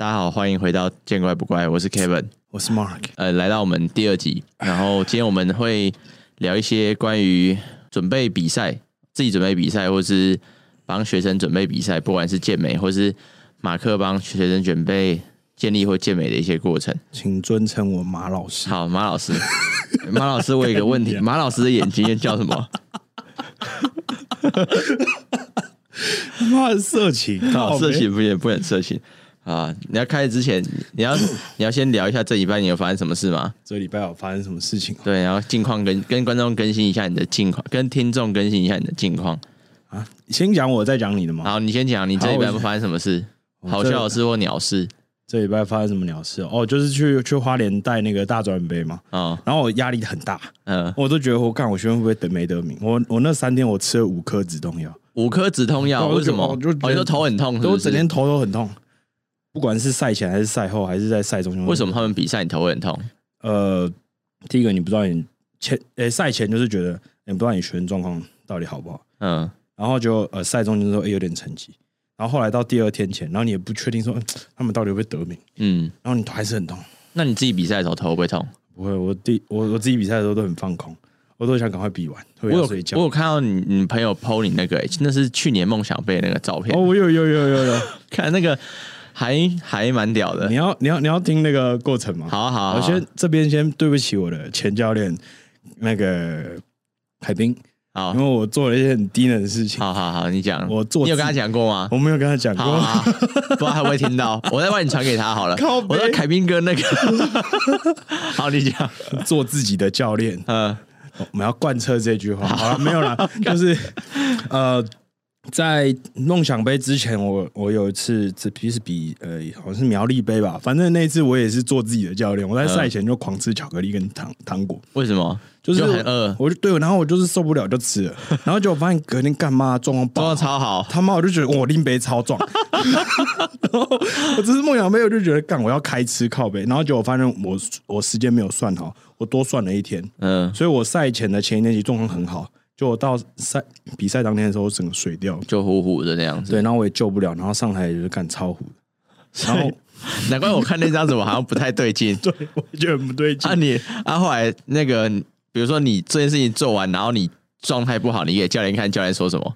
大家好，歡迎回到見怪不怪。我是 Kevin，我是 Mark。呃，來到我們第二集，然後今天我們會聊一些關於準備比賽，自己準備比賽，或是幫學生準備比賽，不管是健美，或是馬克幫學生準備健力或健美的一些過程。請尊稱我馬老師。好，馬老師，馬老師，我有一個問題， 馬老師的眼睛叫什麼？ 他媽的色情！好，色情不行，不能色情。啊，你要開始之前，你要你要先聊一下這禮拜你有發生什麼事嗎？這禮拜有發生什麼事情？對，然後近況跟跟觀眾更新一下你的近況，跟聽眾更新一下你的近況。啊，先講我，再講你的嗎？好，你先講，你這禮拜不發生什麼事？好，我是好笑的事或鳥事？這禮拜發生什麼鳥事？哦，就是去去花蓮帶那個大專盃嘛。啊、哦，然後我壓力很大，嗯，我都覺得我幹，我學員會不會得沒得名？我我那三天我吃了五顆止痛藥，五顆止痛藥為什麼？我，就覺我覺得頭很痛是是，我整天頭都很痛。不管是賽前還是賽後，還是在賽中，為什麼他們比賽你頭會很痛？呃，第一個你不知道你前，呃、欸，賽前就是覺得你不知道你學生狀況到底好不好，嗯，然後就呃賽中間的時候有點成績，然後後來到第二天前，然後你也不確定說他們到底會不會得名，嗯，然後你頭還是很痛。那你自己比賽的時候頭會不會痛？不會，我第我我自己比賽的時候都很放空，我都想趕快比完。我有我有看到你你朋友 PO 你那個、欸，那是去年夢想盃那個照片，哦，我有有有有有，有，有 看那個。還還蠻屌的，你要你要你要聽那個過程嗎？好好，我先這邊先對不起我的前教練那個凱賓，因為我做了一些很低能的事情。好好好，你講，我做，你有跟他講過嗎？我沒有跟他講過，不知道他會不會聽到，我再幫你傳給他好了。我在凱賓哥那個，好，你講，做自己的教練，嗯，我們要貫徹這句話。好了，沒有了，就是呃。在夢想盃之前我，我我有一次，這其實比呃，好像是苗栗盃吧，反正那一次我也是做自己的教練，我在賽前就狂吃巧克力跟糖糖果。為什麼？就是就很餓，我就對，然後我就是受不了就吃了，然後就我發現隔天幹嘛，狀況 超好，他媽我就覺得我拎盃超壯， 我只是夢想盃，我就覺得幹我要開吃靠盃，然後就我發現我我時間沒有算好，我多算了一天，嗯，所以我賽前的前一天起狀況很好。就我到賽比賽當天的時候，整個水掉，就糊糊的那樣子。對，然後我也救不了，然後上台就是看超糊的。然後，難怪我看那張怎麼好像不太對勁。 對，我覺得很不對勁。那你，啊，後來那個，比如說你這件事情做完，然後你狀態不好，你給教練看，教練說什麼？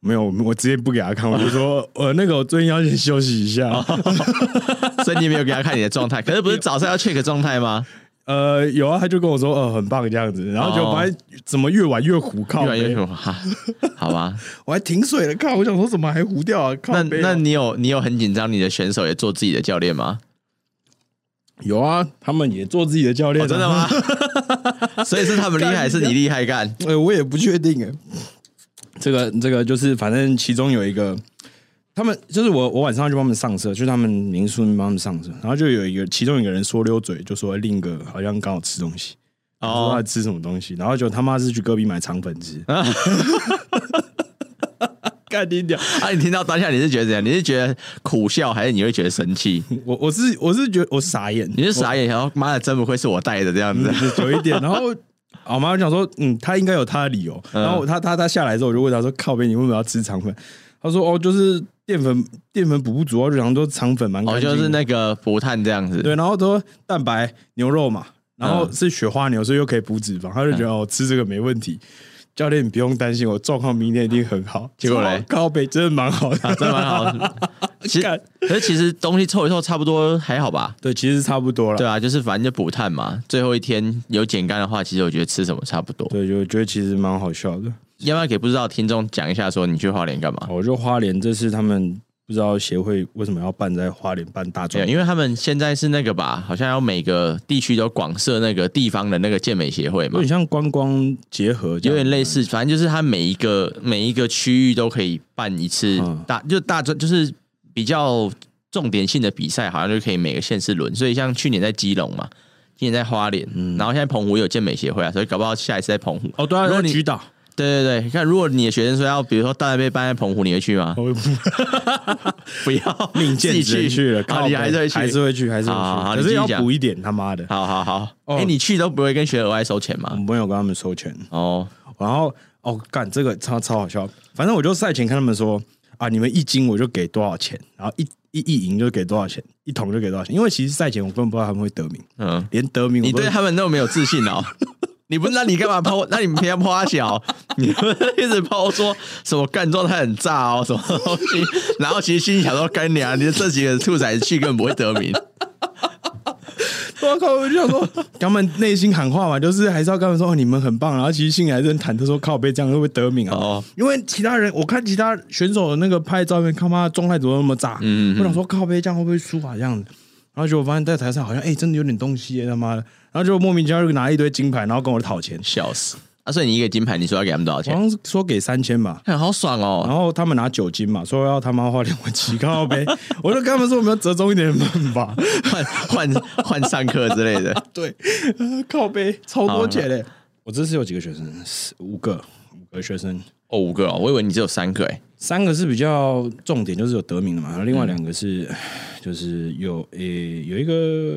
沒有，我直接不給他看，我就說我那個我最近要先休息一下， 所以你沒有給他看你的狀態。可是不是早上要 check 狀態嗎？呃，有啊，他就跟我說，呃，很棒這樣子，然後就玩，怎麼越玩越糊靠？Oh. 越玩越什麼？好吧， 我還停水了，靠！我想說，怎麼還糊掉啊？靠那、呃、那你有你有很緊張？你的選手也做自己的教練嗎？有啊，他們也做自己的教練、哦，真的嗎？ 所以是他們厲害，你啊、是你厲害幹、呃？我也不確定、欸、 這個這個就是，反正其中有一個。他們就是我，我晚上就幫他們上車，就他們民宿幫他們上車，然後就有一個，其中一個人說溜嘴，就說另一個好像剛好吃東西，哦，oh. 吃什麼東西，然後就他媽是去隔壁買腸粉吃，幹你娘！啊，你聽到當下你是覺得怎樣？你是覺得苦笑，還是你會覺得生氣？我我是我是覺得我傻眼，你是傻眼，然後媽的真不愧是我帶的這樣子，有、嗯、一點。然後我媽講說，嗯，他應該有他的理由。嗯、然後他他他下來之後，我就問他說，靠北，你為什麼要吃腸粉？他說，哦，就是。澱粉澱粉補不足啊，然後說腸粉蠻好、哦，就是那個補碳這樣子。對，然後都蛋白牛肉嘛，然後是雪花牛，嗯、所以又可以補脂肪。他就覺得我、嗯哦、吃這個沒問題。教練，你不用擔心我狀況，明天一定很好。結果嘞，高北真的蠻好、啊、好的，真蠻好。其實，幹可是其實東西湊一湊，差不多還好吧。對，其實差不多了。對啊，就是反正就補碳嘛。最後一天有減干的話，其實我覺得吃什麼差不多。對，就我覺得其實蠻好笑的。要不要給不知道聽眾講一下，說你去花蓮幹嘛？我覺得花蓮這次他們不知道協會為什麼要辦在花蓮辦大專，因為他們現在是那個吧？好像要每個地區都廣設那個地方的那個健美協會嘛。有點像觀光結合，有點類似。反正就是他每一個每一個區域都可以辦一次，嗯，大，就大專就是比較重點性的比賽，好像就可以每個縣市輪。所以像去年在基隆嘛，今年在花蓮，嗯，然後現在澎湖有健美協會啊，所以搞不好下一次在澎湖哦。如果，啊，你知道。對對對，你看，如果你的學生說要，比如說大家被搬在澎湖，你會去嗎？我不 不要，自己去去了，啊，你還是會還是會去，還是會去，啊、可是要補一點，他媽的，好好好。哎，欸，嗯、你去都不會跟學生額外收錢嗎？我沒有跟他們收錢哦。然後，哦，幹這個超超好笑。反正我就賽前跟他們說啊，你們一金我就給多少錢，然後一一一銀就給多少錢，一銅就給多少錢。因為其實賽前我根本不知道他們會得名，嗯，連得名我你對他們都沒有自信哦。 你不知道你幹嘛拋？那你們平常拋他腳，你們一直拋說什麼幹狀態很炸哦，什麼東西？ 然後其實心裡想說幹娘，你的這幾個兔崽子根本不會得名。 靠我靠！我就想說，他們內心喊話嘛，就是還是要跟他們說、哦、你們很棒。然後其實心裡還是很忐忑，說靠北這樣會不會得名啊？哦、因為其他人，我看其他選手的那個拍照片，他媽的狀態怎麼那麼炸？嗯哼我想說靠北這樣會不會輸啊？這樣。然後就我發現，在台上好像哎、欸，真的有點東西，他媽的！然後就莫名其妙拿一堆金牌，然後跟我討錢，笑死！啊，所以你一個金牌，你說要給他們多少錢？我說給三千吧。欸、好爽哦！然後他們拿九金嘛，說要他媽花兩萬七個，靠杯！我就跟他們說我們要折中一點吧， 換換換三克之類的。 對，靠杯，超多錢嘞！好我這次有幾個學生，五個，五個學生哦，五個哦，我以為你只有三個哎。三個是比較重點，就是有得名的嘛，然後另外兩個是，嗯、就是有誒有一個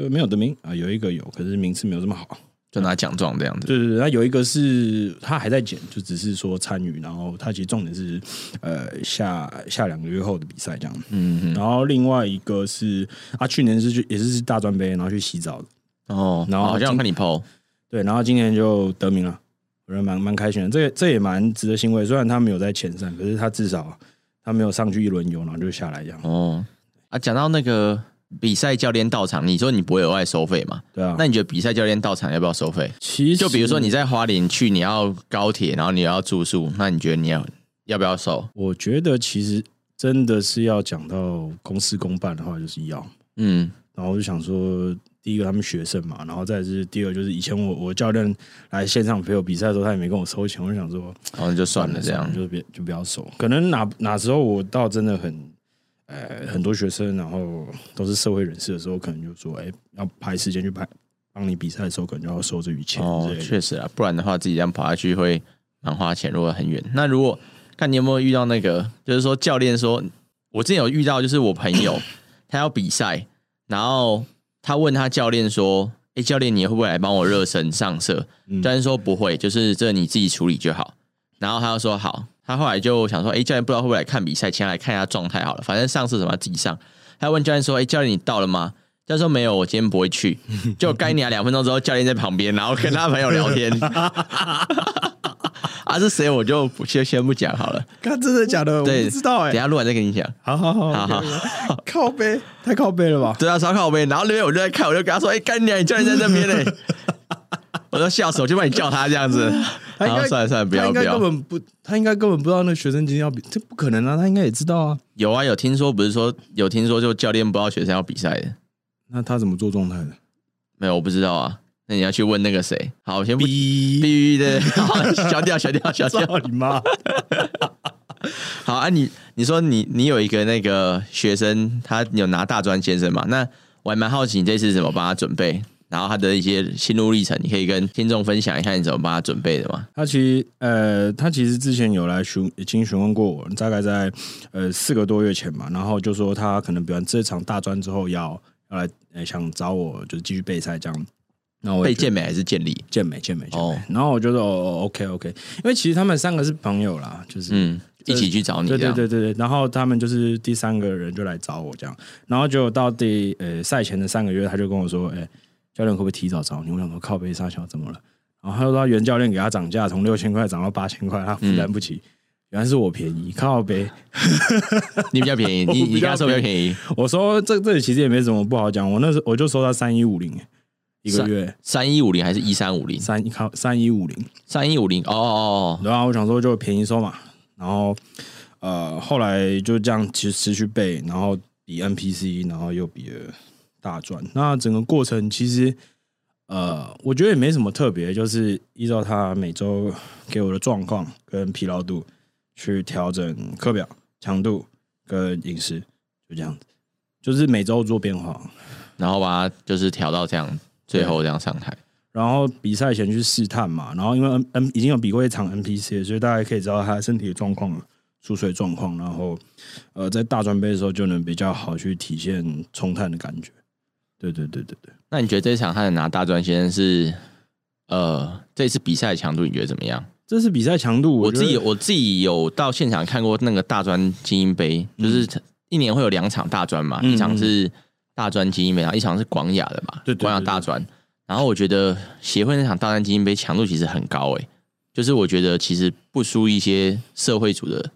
沒有得名啊，呃，有一個有，可是名次沒有這麼好，就拿獎狀這樣子。對對對，他就有一個是他還在減，就只是說參與，然後他其實重點是呃下下兩個月後的比賽這樣，嗯、哼然後另外一個是他，啊，去年是去也是大專杯，然後去洗澡哦，然後，哦，好像看你 po，對，然後今年就得名了。我覺得蠻蠻開心的，這這也蠻值得欣慰。雖然他沒有在前三，可是他至少他沒有上去一輪遊，然後就下來這樣。哦，啊，講到那個比賽教練到場，你說你不會額外收費嘛？對啊。那你覺得比賽教練到場要不要收費？其實，就比如說你在花蓮去，你要高鐵，然後你要住宿，那你覺得你要要不要收？我覺得其實真的是要講到公事公辦的話，就是要。嗯，然後我就想說。第一個他們學生嘛，然後再是第二，就是以前我我教練來現場陪我比賽的時候，他也沒跟我收錢，我就想說，然後、哦、就算了這樣，嗯、就就不要收。可能哪哪時候我倒真的很，呃，很多學生，然後都是社會人士的時候，可能就說，哎、欸，要排時間去排幫你比賽的時候，可能就要收這筆錢。哦，確實啊，不然的話自己這樣跑下去會蠻花錢，如果很遠。那如果看你有沒有遇到那個，就是說教練說，我之前有遇到，就是我朋友 他要比賽，然後。他問他教練說：“哎，教練你會不會來幫我熱身上色？”嗯、教練說：“不會，就是這你自己處理就好。”然後他就說：“好。”他後來就想說：“哎，教練不知道會不會來看比賽？先來看一下狀態好了，反正上色什麼自己上。”他問教練說：“哎，教練你到了嗎？”他說沒有，我今天不會去。就乾娘，兩分鐘之後，教練在旁邊，然後跟他朋友聊天。啊，是誰？我就先先不講好了。他真的假的？我不知道哎。等下錄完再跟你講。好好好好。靠背，太靠背了吧？對啊，超靠背。然後那邊我就在看，我就跟他說：“哎，乾娘，你教練在這邊呢。”我說：“笑死我就幫你叫他這樣子。”然後算了算了，不要不要。根本不，他應該根本不知道那學生今天要比，這不可能啊！他應該也知道啊。有啊有，聽說不是說有聽說，就教練不知道學生要比賽的。那他怎麼做狀態的？沒有，我不知道啊。那你要去問那個誰。好，我先嗶嗶的，消掉消掉消掉你媽。 好啊你，你你說你你有一個那個學生，他有拿大專先生嘛？那我還蠻好奇，你這次怎麼幫他準備？然後他的一些心路歷程，你可以跟聽眾分享一下，你怎麼幫他準備的嗎？他其實呃，他其實之前有來詢，已經詢問過我，大概在呃四個多月前嘛，然後就說他可能比完這一場大專之後要。來、欸，想找我就繼續備賽這樣，然後備健美還是健力？健美，健美，健美。然後我覺得 OK，OK，因為其實他們三個是朋友啦，就是、嗯、一起去找你，對對對對對，然後他們就是第三個人就來找我這樣，嗯、然後就到第呃、欸、賽前的三個月，他就跟我說：“誒、欸、教練可不可以提早找你，我想說靠北沙橋怎麼了？”然後他說：“原教練給他漲價，從六千塊漲到八千塊，他負擔不起。嗯”原來是我便宜，靠北！你比較便宜， 便宜你你剛說比較便宜。我說這這裡其實也沒什麼不好講，我那時候我就收他三一五零一個月，三一五零還是一三五零？三一三一五零，三一五零哦哦，哦、啊。哦。然後我想說就便宜收嘛，然後呃後來就這樣持持續背，然後比 N P C，然後又比了大專。那整個過程其實呃我覺得也沒什麼特別，就是依照他每周給我的狀況跟疲勞度。去調整課表、強度跟飲食，就這樣子，就是每周做變化，然後把它就是調到這樣，對最後這樣上台。然後比賽前去試探嘛，然後因為 M, M, M 已經有比過一場 NPC，所以大家可以知道他身體的狀況、出水狀況。然後呃，在大專杯的時候就能比較好去體現衝碳的感覺。對對對對對。那你覺得這場他能拿大專先生？呃，這次比賽強度你覺得怎麼樣？這是比賽強度，我，我自己我自己有到現場看過那個大專精英杯，嗯、就是一年會有兩場大專嘛，嗯、一場是大專精英杯，然後一場是廣雅的嘛，對，對，對，對，廣雅大專。然後我覺得協會那場大專精英杯強度其實很高，欸，就是我覺得其實不輸一些社會組的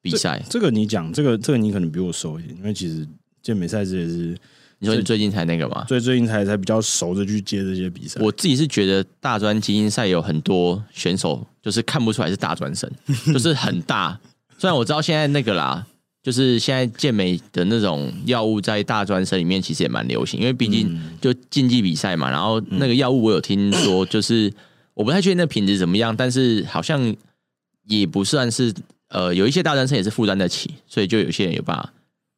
比賽。這，這個你講，這個這個你可能比我熟一點，因為其實健美賽事也是。你說你最近才那個嗎？所以最近才才比較熟的去接這些比賽。我自己是覺得大專精英賽有很多選手，就是看不出來是大專生，就是很大。雖然我知道現在那個啦，就是現在健美的那種藥物在大專生裡面其實也蠻流行，因為畢竟就競技比賽嘛。然後那個藥物我有聽說，就是我不太確定那品質怎麼樣，但是好像也不算是呃，有一些大專生也是負擔得起，所以就有些人也把。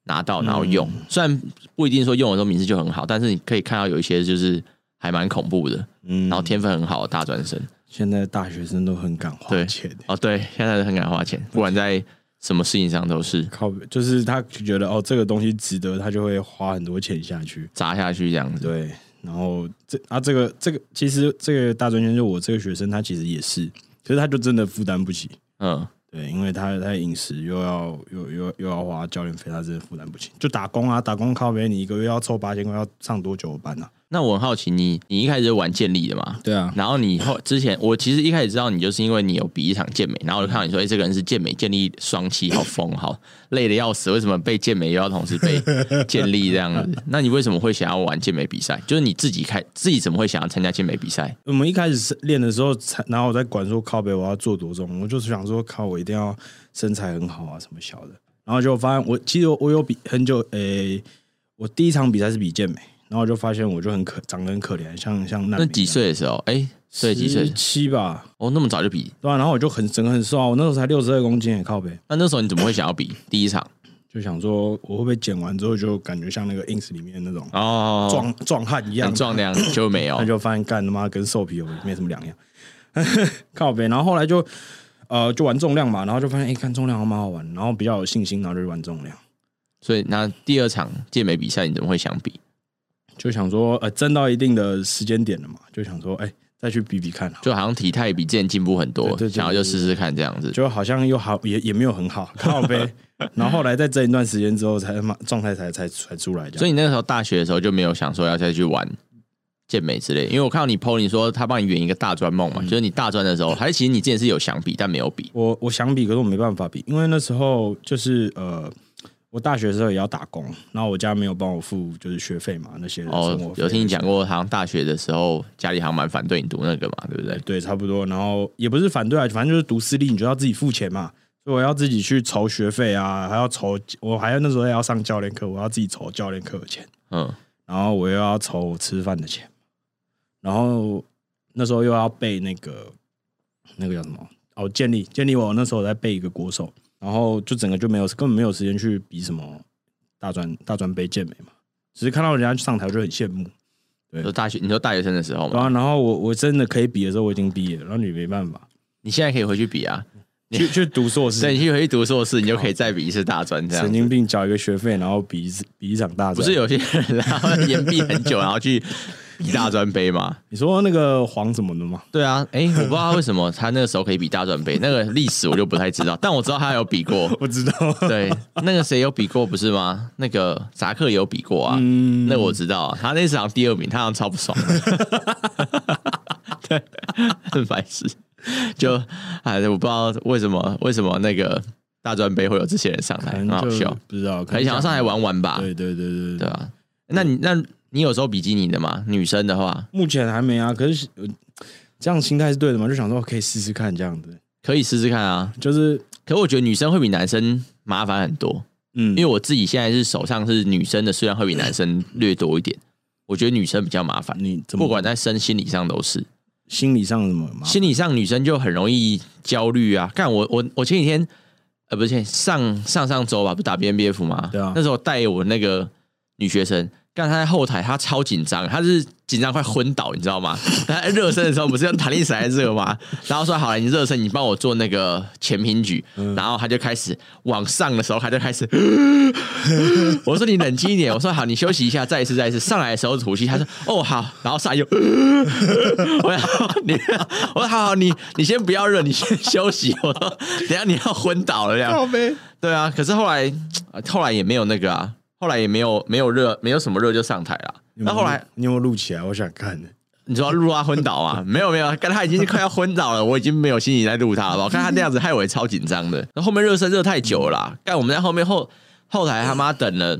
拿到然後用，嗯、雖然不一定說用的時候名字就很好，但是你可以看到有一些就是還蠻恐怖的。嗯、然後天分很好的大專生，現在大學生都很敢花錢對哦。對，現在都很敢花錢，不，錢不管在什麼事情上都是靠，就是他覺得哦，這個東西值得，他就會花很多錢下去砸下去這樣子。對，然後這啊這個這個其實這個大專生就我這個學生，他其實也是，其實他就真的負擔不起，嗯。對，因為他他飲食又要又又又要花教練費，他真的負擔不起。就打工啊，打工靠邊，你一個月要湊八千塊，要上多久的班啊？那我很好奇你，你你一開始就玩健力的嘛？對啊。然後你後之前，我其實一開始知道你，就是因為你有比一場健美，然後我就看到你說，哎、欸，這個人是健美、健力雙棲，好瘋，好 累的要死。為什麼被健美又要同時被健力這樣子？ 那你為什麼會想要玩健美比賽？就是你自己開自己怎麼會想要參加健美比賽？我們一開始練的時候，然後我在管說靠北，我要做多重，我就想說靠，我一定要身材很好啊，什麼小的。然後就發現我其實我我有比很久，誒、欸，我第一場比賽是比健美。然後我就發現，我就很可，長得很可憐，像像那那幾歲的時候，哎、欸，歲幾歲？七吧。哦，那麼早就比對、啊、然後我就很整個很瘦啊，我那時候才六十二公斤，也靠北。那那時候你怎麼會想要比？ 第一場就想說，我會不會減完之後就感覺像那個 ins 裡面那種壯哦，壯壯漢一樣，壯量就沒有，那 就發現幹他媽跟瘦皮猴沒,有沒什麼兩樣， 靠北。然後後來就呃，就玩重量嘛，然後就發現，哎、欸，看重量還蠻好玩，然後比較有信心，然後就玩重量。所以那第二場健美比賽你怎麼會想比？就想說，呃，爭到一定的時間點了嘛，就想說，哎、欸，再去比比看，就好像體態比之前進步很多，然後就試試看這樣子，就好像又好也也沒有很好，看好唄。 然後後來在這一段時間之後才，狀態才嘛狀態才才才出來。所以你那時候大學的時候就沒有想說要再去玩健美之類，因為我看到你 PO，你說他幫你圓一個大專夢嘛，就是你大專的時候，還是其實你之前是有想比，但沒有比。我我想比，可是我沒辦法比，因為那時候就是呃。我大學的時候也要打工，然後我家沒有幫我付，就是學費嘛，那些人。哦，有聽你講過，好像大學的時候家裡好像蠻反對你讀那個嘛，對不對？對，對，差不多。然後也不是反對啊，反正就是讀私立，你就要自己付錢嘛，所以我要自己去籌學費啊，還要籌，我還要那時候要上教練課，我要自己籌教練課的錢。嗯。然後我又要籌吃飯的錢，然後那時候又要背那個那個叫什麼？哦，健力健力我，我那時候我在背一個國手。然後就整個就沒有，根本沒有時間去比什麼大專大專杯健美嘛，只是看到人家上台就很羨慕。對，大學你說大學生的時候嗎？啊、然後我我真的可以比的時候我已經畢業了，然後你沒辦法。你現在可以回去比啊，去去讀碩士。等 你去回去讀碩士，你就可以再比一次大專這樣。神經病，繳一個學費，然後比比一場大專。不是有些人然後延畢很久， 然後去。比大專杯嘛？你說那個黃什麼的嗎？對啊，哎、欸，我不知道為什麼他那個時候可以比大專杯， 那個歷史我就不太知道。但我知道他有比過，不知道。對，那個誰有比過不是嗎？那個扎克也有比過啊，嗯、那我知道、啊。他那次好像第二名，他好像超不爽 對。 對，很白癡。就哎，我不知道為什麼，為什麼那個大專杯會有這些人上來？能很好笑，不知道，可能想要上來玩玩吧？對對對對,對，對,對啊。那你那。你有時候比基尼的嗎？女生的話，目前還沒啊。可是這樣心態是對的嘛，就想說可以試試看這樣子，可以試試看啊。就是，可是我覺得女生會比男生麻煩很多。嗯，因為我自己現在是手上是女生的，雖然會比男生略多一點，嗯、我覺得女生比較麻煩。你怎麼不管在身心理上都是心理上什麼？心理上女生就很容易焦慮啊！看我我我前幾天呃，不是上上上周吧，不是打 WNBF 嗎？對啊，那時候帶我那個女學生。剛才他在後台，他超緊張，他是緊張快昏倒，你知道嗎？ 他熱身的時候不是用彈力繩來熱嗎？然後說：“好了，你熱身，你幫我做那個前平舉。嗯”然後他就開始往上的時候，他就開始。 我說：“你冷靜一點。”我說：“好，你休息一下，再一次，再一次上來的時候吐氣。”他說：“哦，好。”然後上來又， 我說：“你，我說好，你，你先不要熱，你先休息。”我說：“等一下你要昏倒了。”這樣。對啊，可是後來，後來也沒有那個啊。後來也沒有沒有熱沒有什麼熱，就上台了。那後來你有沒有錄起來？我想看的。你知道錄他昏倒啊？ 沒有沒有，剛他已經快要昏倒了， 我已經沒有心情來錄他了。我看他那樣子，害我也超緊張的。那後面熱身熱太久了啦，但、嗯、我們在後面後後台他媽等了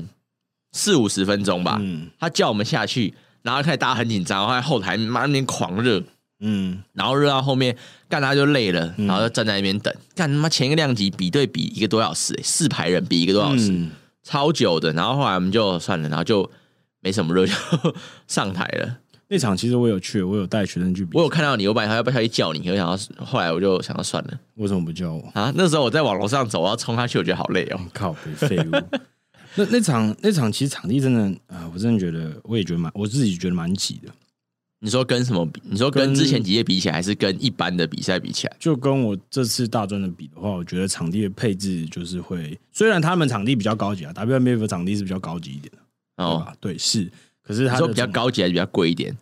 四五十分鐘吧。嗯、他叫我們下去，然後看大家很緊張，然後在後台媽那邊狂熱，嗯，然後熱到後面幹他就累了，嗯、然後就站在那邊等。幹他媽前一個量級比對比一個多小時，欸，四排人比一個多小時。嗯超久的，然後後來我們就算了，然後就沒什麼熱情就上台了。那場其實我有去，我有帶學生去，我有看到你，我本來還要不小心叫你，我想要，後來我就想要算了。為什麼不叫我啊？那時候我在往樓上走，我要衝下去，我覺得好累哦。靠，廢物！ 那那場那場其實場地真的啊、呃，我真的覺得，我也覺得蠻，我自己覺得蠻擠的。你說跟什麼比，你說跟之前幾屆比起來，還是跟一般的比賽比起來？就跟我這次大專的比的話，我覺得場地的配置就是會，雖然他們場地比較高級啊，WNBF 場地是比較高級一點的。哦對，對，是，可是他說比較高級還是比較貴一點，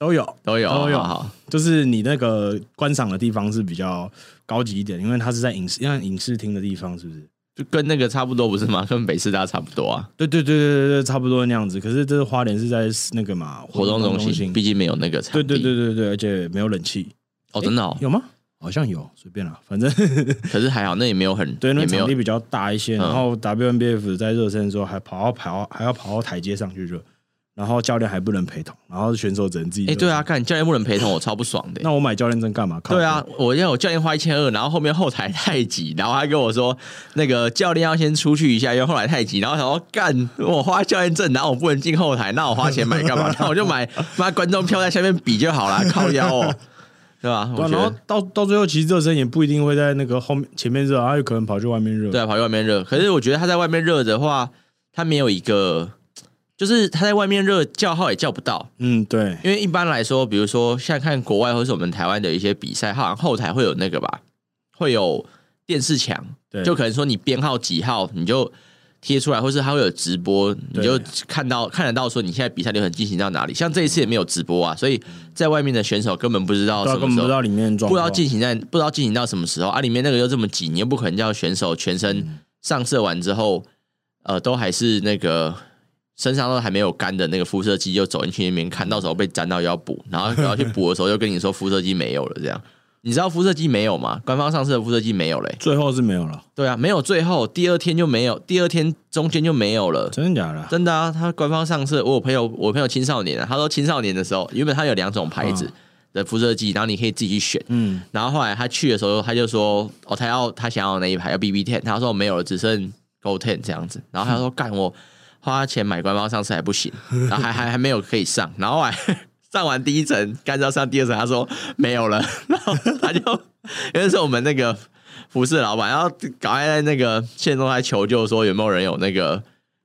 都有，都有，都有。好好，就是你那個觀賞的地方是比較高級一點，因為它是在影視，因為影視廳的地方，是不是？就跟那個差不多不是嗎？跟北師大差不多啊。對對對對對對，差不多那樣子。可是這個花蓮是在那個嘛活動中心，畢竟沒有那個場地，對對對對對，而且沒有冷氣。哦，真的，哦欸、有嗎？好像有，隨便啦。反正。 可是還好，那也沒有很對，那場地比較大一些。然後 WNBF 在熱身的時候，還跑到跑還要跑到台階上去熱。然後教練還不能陪同，然後選手只能自己。哎、欸，對啊，幹教練不能陪同，我超不爽的、欸。 那我買教練證幹嘛？靠。對啊，我要我教練花一千二，然後後面後台太擠，然後他跟我說那個教練要先出去一下，因為後來太擠，然後他說幹我花教練證，然後我不能進後台，那我花錢買幹嘛？那 我就買媽觀眾票在下面比就好了，靠腰，哦。對吧、啊啊？然後到到最後，其實熱身也不一定會在那個後面前面熱，啊有可能跑去外面熱。對啊，跑去外面熱。可是我覺得他在外面熱的話，他沒有一個。就是他在外面熱叫號也叫不到，嗯，對，因為一般來說，比如說現在看國外或者是我們台灣的一些比賽，好像後台會有那個吧，會有電視牆，對就可能說你編號幾號你就貼出來，或是他會有直播，你就看到對看得到說你現在比賽流程進行到哪裡。像這一次也沒有直播啊，所以在外面的選手根本不知道什麼時候，裡面不知道進行在不知道進行到什麼時候啊，裡面那個又這麼緊，你又不可能叫選手全身上色完之後，呃，都還是那個。身上都還沒有乾的那個膚色劑，就走進去那邊看到時候被粘到要補，然後然後然後去補的時候就跟你說膚色劑沒有了這樣。 你知道膚色劑沒有嗎？官方上市的膚色劑沒有嘞，最後是沒有了。對啊，沒有最後，第二天就沒有，第二天中間就沒有了。真的假的？真的啊，他官方上市，我有朋友我有朋友青少年啊，他說青少年的時候原本他有兩種牌子的膚色劑，啊、然後你可以自己選。嗯，然後後來他去的時候他就說哦，他要他想要那一牌要 B B ten，他說沒有了，只剩 g o ten 這樣子，然後他說、嗯、干我。花錢買官方，上次還不行，然後還還 還沒有可以上，然後還上完第一層，剛要上第二層，他說沒有了，然後他就，因為是我們那個輻射老闆，然後趕快在那個現場來求救，說有沒有人有那個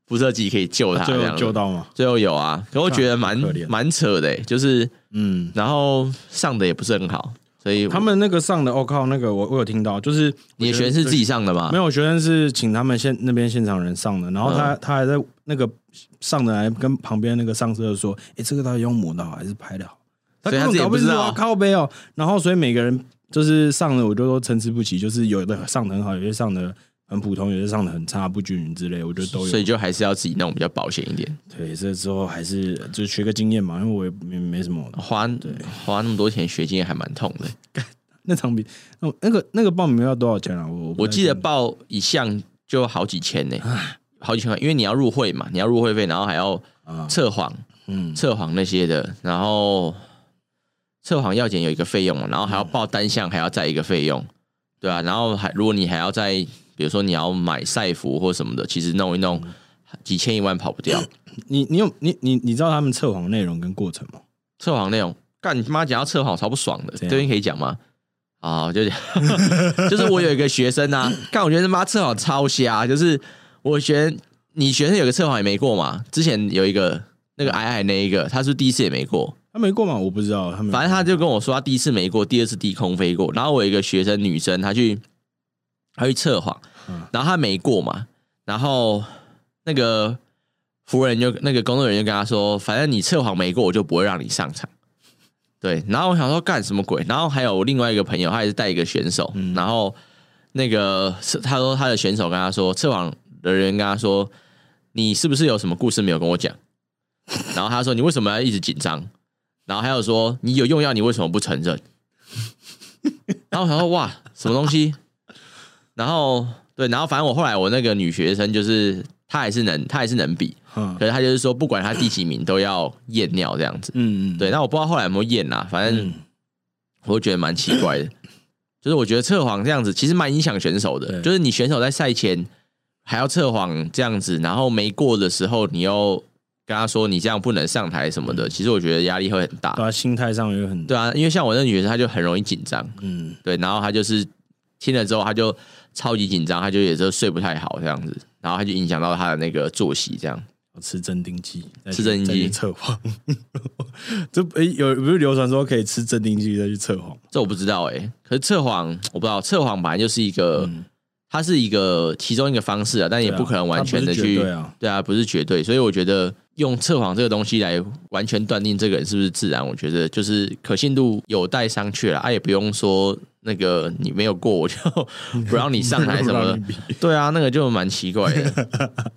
輻射機可以救他這樣？最後救到嗎？最後有啊，可我覺得蠻蠻扯的，欸，就是嗯，然後上的也不是很好。所以他們那個上的，我、哦、靠，那個我我有聽到，就是你的學生是自己上的嗎？沒有，學生是請他們現那邊現場人上的，然後他、嗯、他還在那個上的還跟旁邊那個上司說，哎、欸，這個到底用抹的好還是拍的好？他看、啊，根本搞不清楚，靠北哦、喔。然後所以每個人就是上的，我就都參差不齊，就是有的上的很好，有些上的，很普通，也是上的很差，不均勻之類，我覺得都有，所以就還是要自己弄，比較保險一點。對，這之後還是就學個經驗嘛，因為我也沒沒什麼花，對，花那麼多錢學經驗還蠻痛的。 那場比，那那個那個報名要多少錢啊？我我記得報一項就好幾千呢，欸，啊，好幾千塊，因為你要入會嘛，你要入會費，然後還要測謊，測謊、嗯、那些的，然後測謊藥檢有一個費用，嘛，然後還要報單項還要再一個費用，嗯、對啊，然後還如果你還要再。比如說你要買賽服或什麼的，其實弄一弄幾千一萬跑不掉。 你你有你你你知道他們測謊內容跟過程嗎？測謊內容，幹你媽！講要測謊超不爽的，這邊樣可以講嗎？啊、哦，就講， 就是我有一個學生啊，幹我覺得他媽測謊超瞎，就是我學你學生有個測謊也沒過嘛？之前有一個那個矮矮那一個，他是，是第一次也沒過，他沒過嘛？我不知道，他反正他就跟我說他第一次沒過，第二次低空飛過。然後我有一個學生女生，她去。他去測謊，然後他沒過嘛，然後那個服務員就那個工作人員就跟他說：“反正你測謊沒過，我就不會讓你上場。”對，然後我想說幹什麼鬼？然後還有另外一個朋友，他也是帶一個選手，嗯、然後那個他說他的選手跟他說，測謊的人跟他說：“你是不是有什麼故事沒有跟我講？”然後他說：“你為什麼要一直緊張？”然後還有說：“你有用藥，你為什麼不承認？”然後我想說：“哇，什麼東西？” 然後對，然後反正我後來我那個女學生就是她還是能，她還是能比，哈可是她就是說不管她第幾名都要驗尿這樣子。嗯嗯，對。那我不知道後來有沒有驗啊？反正、嗯、我覺得蠻奇怪的，咳咳就是我覺得測謊這樣子其實蠻影響選手的，對就是你選手在賽前還要測謊這樣子，然後沒過的時候你又跟他說你這樣不能上台什麼的，嗯、其實我覺得壓力會很大，對啊，心態上也很大，對啊。因為像我那個女生她就很容易緊張，嗯，對，然後她就是。聽了之後，他就超級緊張，他就也是睡不太好這樣子，然後他就影響到他的那個作息這樣。吃鎮定劑，吃鎮定劑測謊， 這哎、欸、有不是流傳說可以吃鎮定劑再去測謊？這我不知道哎、欸。可是測謊我不知道，測謊本來就是一個，嗯、它是一個其中一個方式啊，但也不可能完全的去，對啊，對，啊對啊，不是絕對，所以我覺得。用測謊這個東西來完全斷定這個人是不是自然，我覺得就是可信度有待商榷了。啊，也不用說那個你沒有過，我就不讓你上來什麼的。對啊，那個就蠻奇怪的。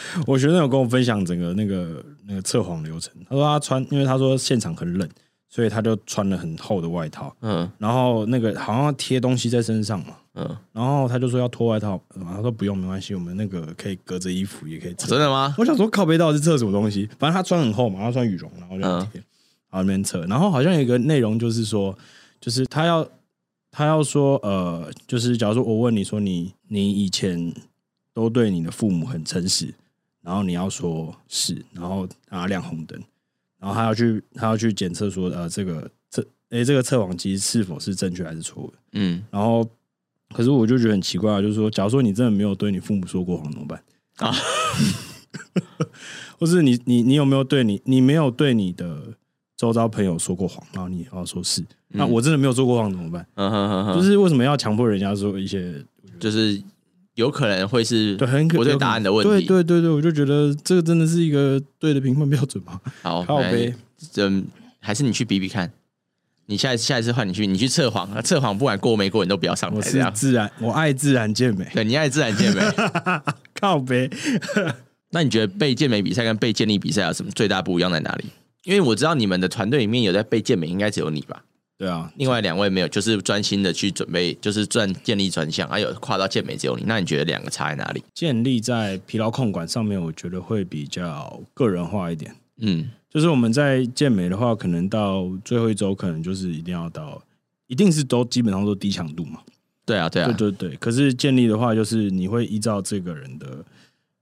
我學生有跟我分享整個那個那個測謊流程，他說他穿，因為他說現場很冷。所以他就穿了很厚的外套，嗯，然後那個好像貼東西在身上嘛，嗯，然後他就說要脫外套，然、呃、他說不用沒關係，我們那個可以隔着衣服也可以測。真的嗎？我想說靠北道是測什麼東西，反正他穿很厚嘛，他穿羽絨，然後就貼，嗯、然後那邊測。然後好像有一個內容就是說，就是他要他要說呃，就是假如說我問你說你你以前都對你的父母很誠實，然後你要說是，然後讓他亮紅燈。然後他要去，他要去檢測說，呃，這個測，哎，這個測謊機是否是正確還是錯誤？嗯。然後，可是我就覺得很奇怪，就是說，假如說你真的沒有對你父母說過謊怎麼辦？啊？ 或是你你你有沒有對你你沒有對你的周遭朋友說過謊？然後你也要說是，嗯、那我真的沒有做過謊怎麼辦？啊、哈哈哈就是為什麼要強迫人家說一些？就是。有可能會是對，很可我對答案的問題。對對，對對對，我就覺得這個真的是一個對的評判標準嗎？好，靠背北，嗯，還是你去比比看。你下下一次換你去，你去測謊，測謊、啊、測謊不管過沒過，你都不要上台。我是自然，我愛自然健美。對你愛自然健美， 靠背北。 那你覺得背健美比賽跟背健力比賽有什麼最大不一樣在哪裡？因為我知道你們的團隊裡面有在背健美，應該只有你吧。對啊，另外兩位沒有，就是專心的去準備，就是建健力專項，還有跨到健美只有你。那你覺得兩個差在哪裡？健力在疲勞控管上面，我覺得會比較個人化一點。嗯，就是我們在健美的話，可能到最後一周，可能就是一定要到，一定是都基本上都低強度嘛。對啊，對啊，對對對。可是健力的話，就是你會依照這個人的，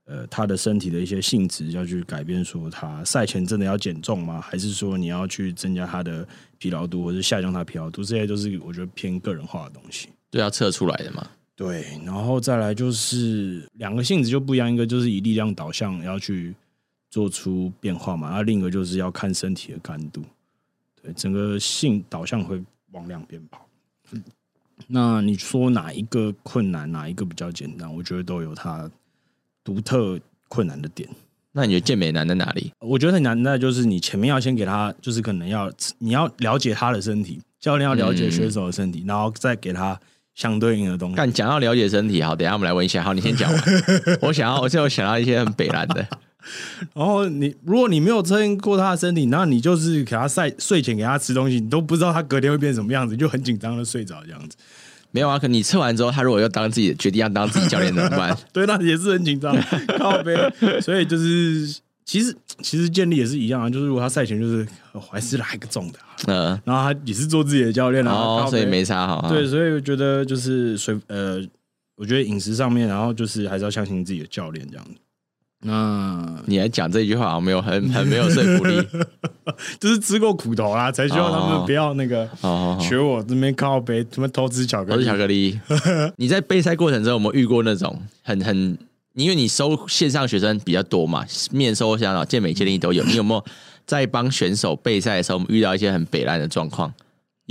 呃，他的身體的一些性質，要去改變。說他賽前真的要減重嗎？還是說你要去增加他的？疲勞度或者下降，它疲勞度這些都是我覺得偏個人化的東西。對，要測出來的嘛。對，然後再來就是兩個性質就不一樣，一個就是以力量導向要去做出變化嘛，那、啊、另一個就是要看身體的乾度。對，整個性導向會往兩邊跑。嗯、那你說哪一個困難，哪一個比較簡單？我覺得都有它獨特困難的點。那你覺得健美難在哪裡？我覺得很難，那就是你前面要先給他，就是可能要你要了解他的身體，教練要了解選手的身體，嗯、然後再給他相對應的東西。但講到了解身體，好，等下我們來問一下。好，你先講。 我想要，我想要一些很北蘭的。 然後你，如果你沒有測驗過他的身體，那你就是給他曬，睡前給他吃東西，你都不知道他隔天會變什麼樣子，就很緊張的睡着這樣子。沒有啊，可你測完之後，他如果要當自己決定要當自己教練怎麼辦？ 對，那也是很緊張， 靠北。所以就是，其實其實健力也是一樣啊。就是如果他賽前就是、哦、還是來個重的、啊，嗯、呃，然後他也是做自己的教練然啊，哦、靠北，所以沒差哈、啊。對，所以我覺得就是隨呃，我覺得飲食上面，然後就是還是要相信自己的教練這樣子。嗯，那你來講這句話、啊，我沒有很很沒有說服力， 就是吃過苦頭啦、啊，才希望他們不要那個學我這邊靠北，什麼、哦哦哦哦、偷吃巧克力。偷吃、哦、巧克力。 你在備賽過程中有沒有遇過那種很很？因為你收線上學生比較多嘛，面收、線上、健美、健力都有。你有沒有在幫選手備賽的時候，我們遇到一些很北爛的狀況？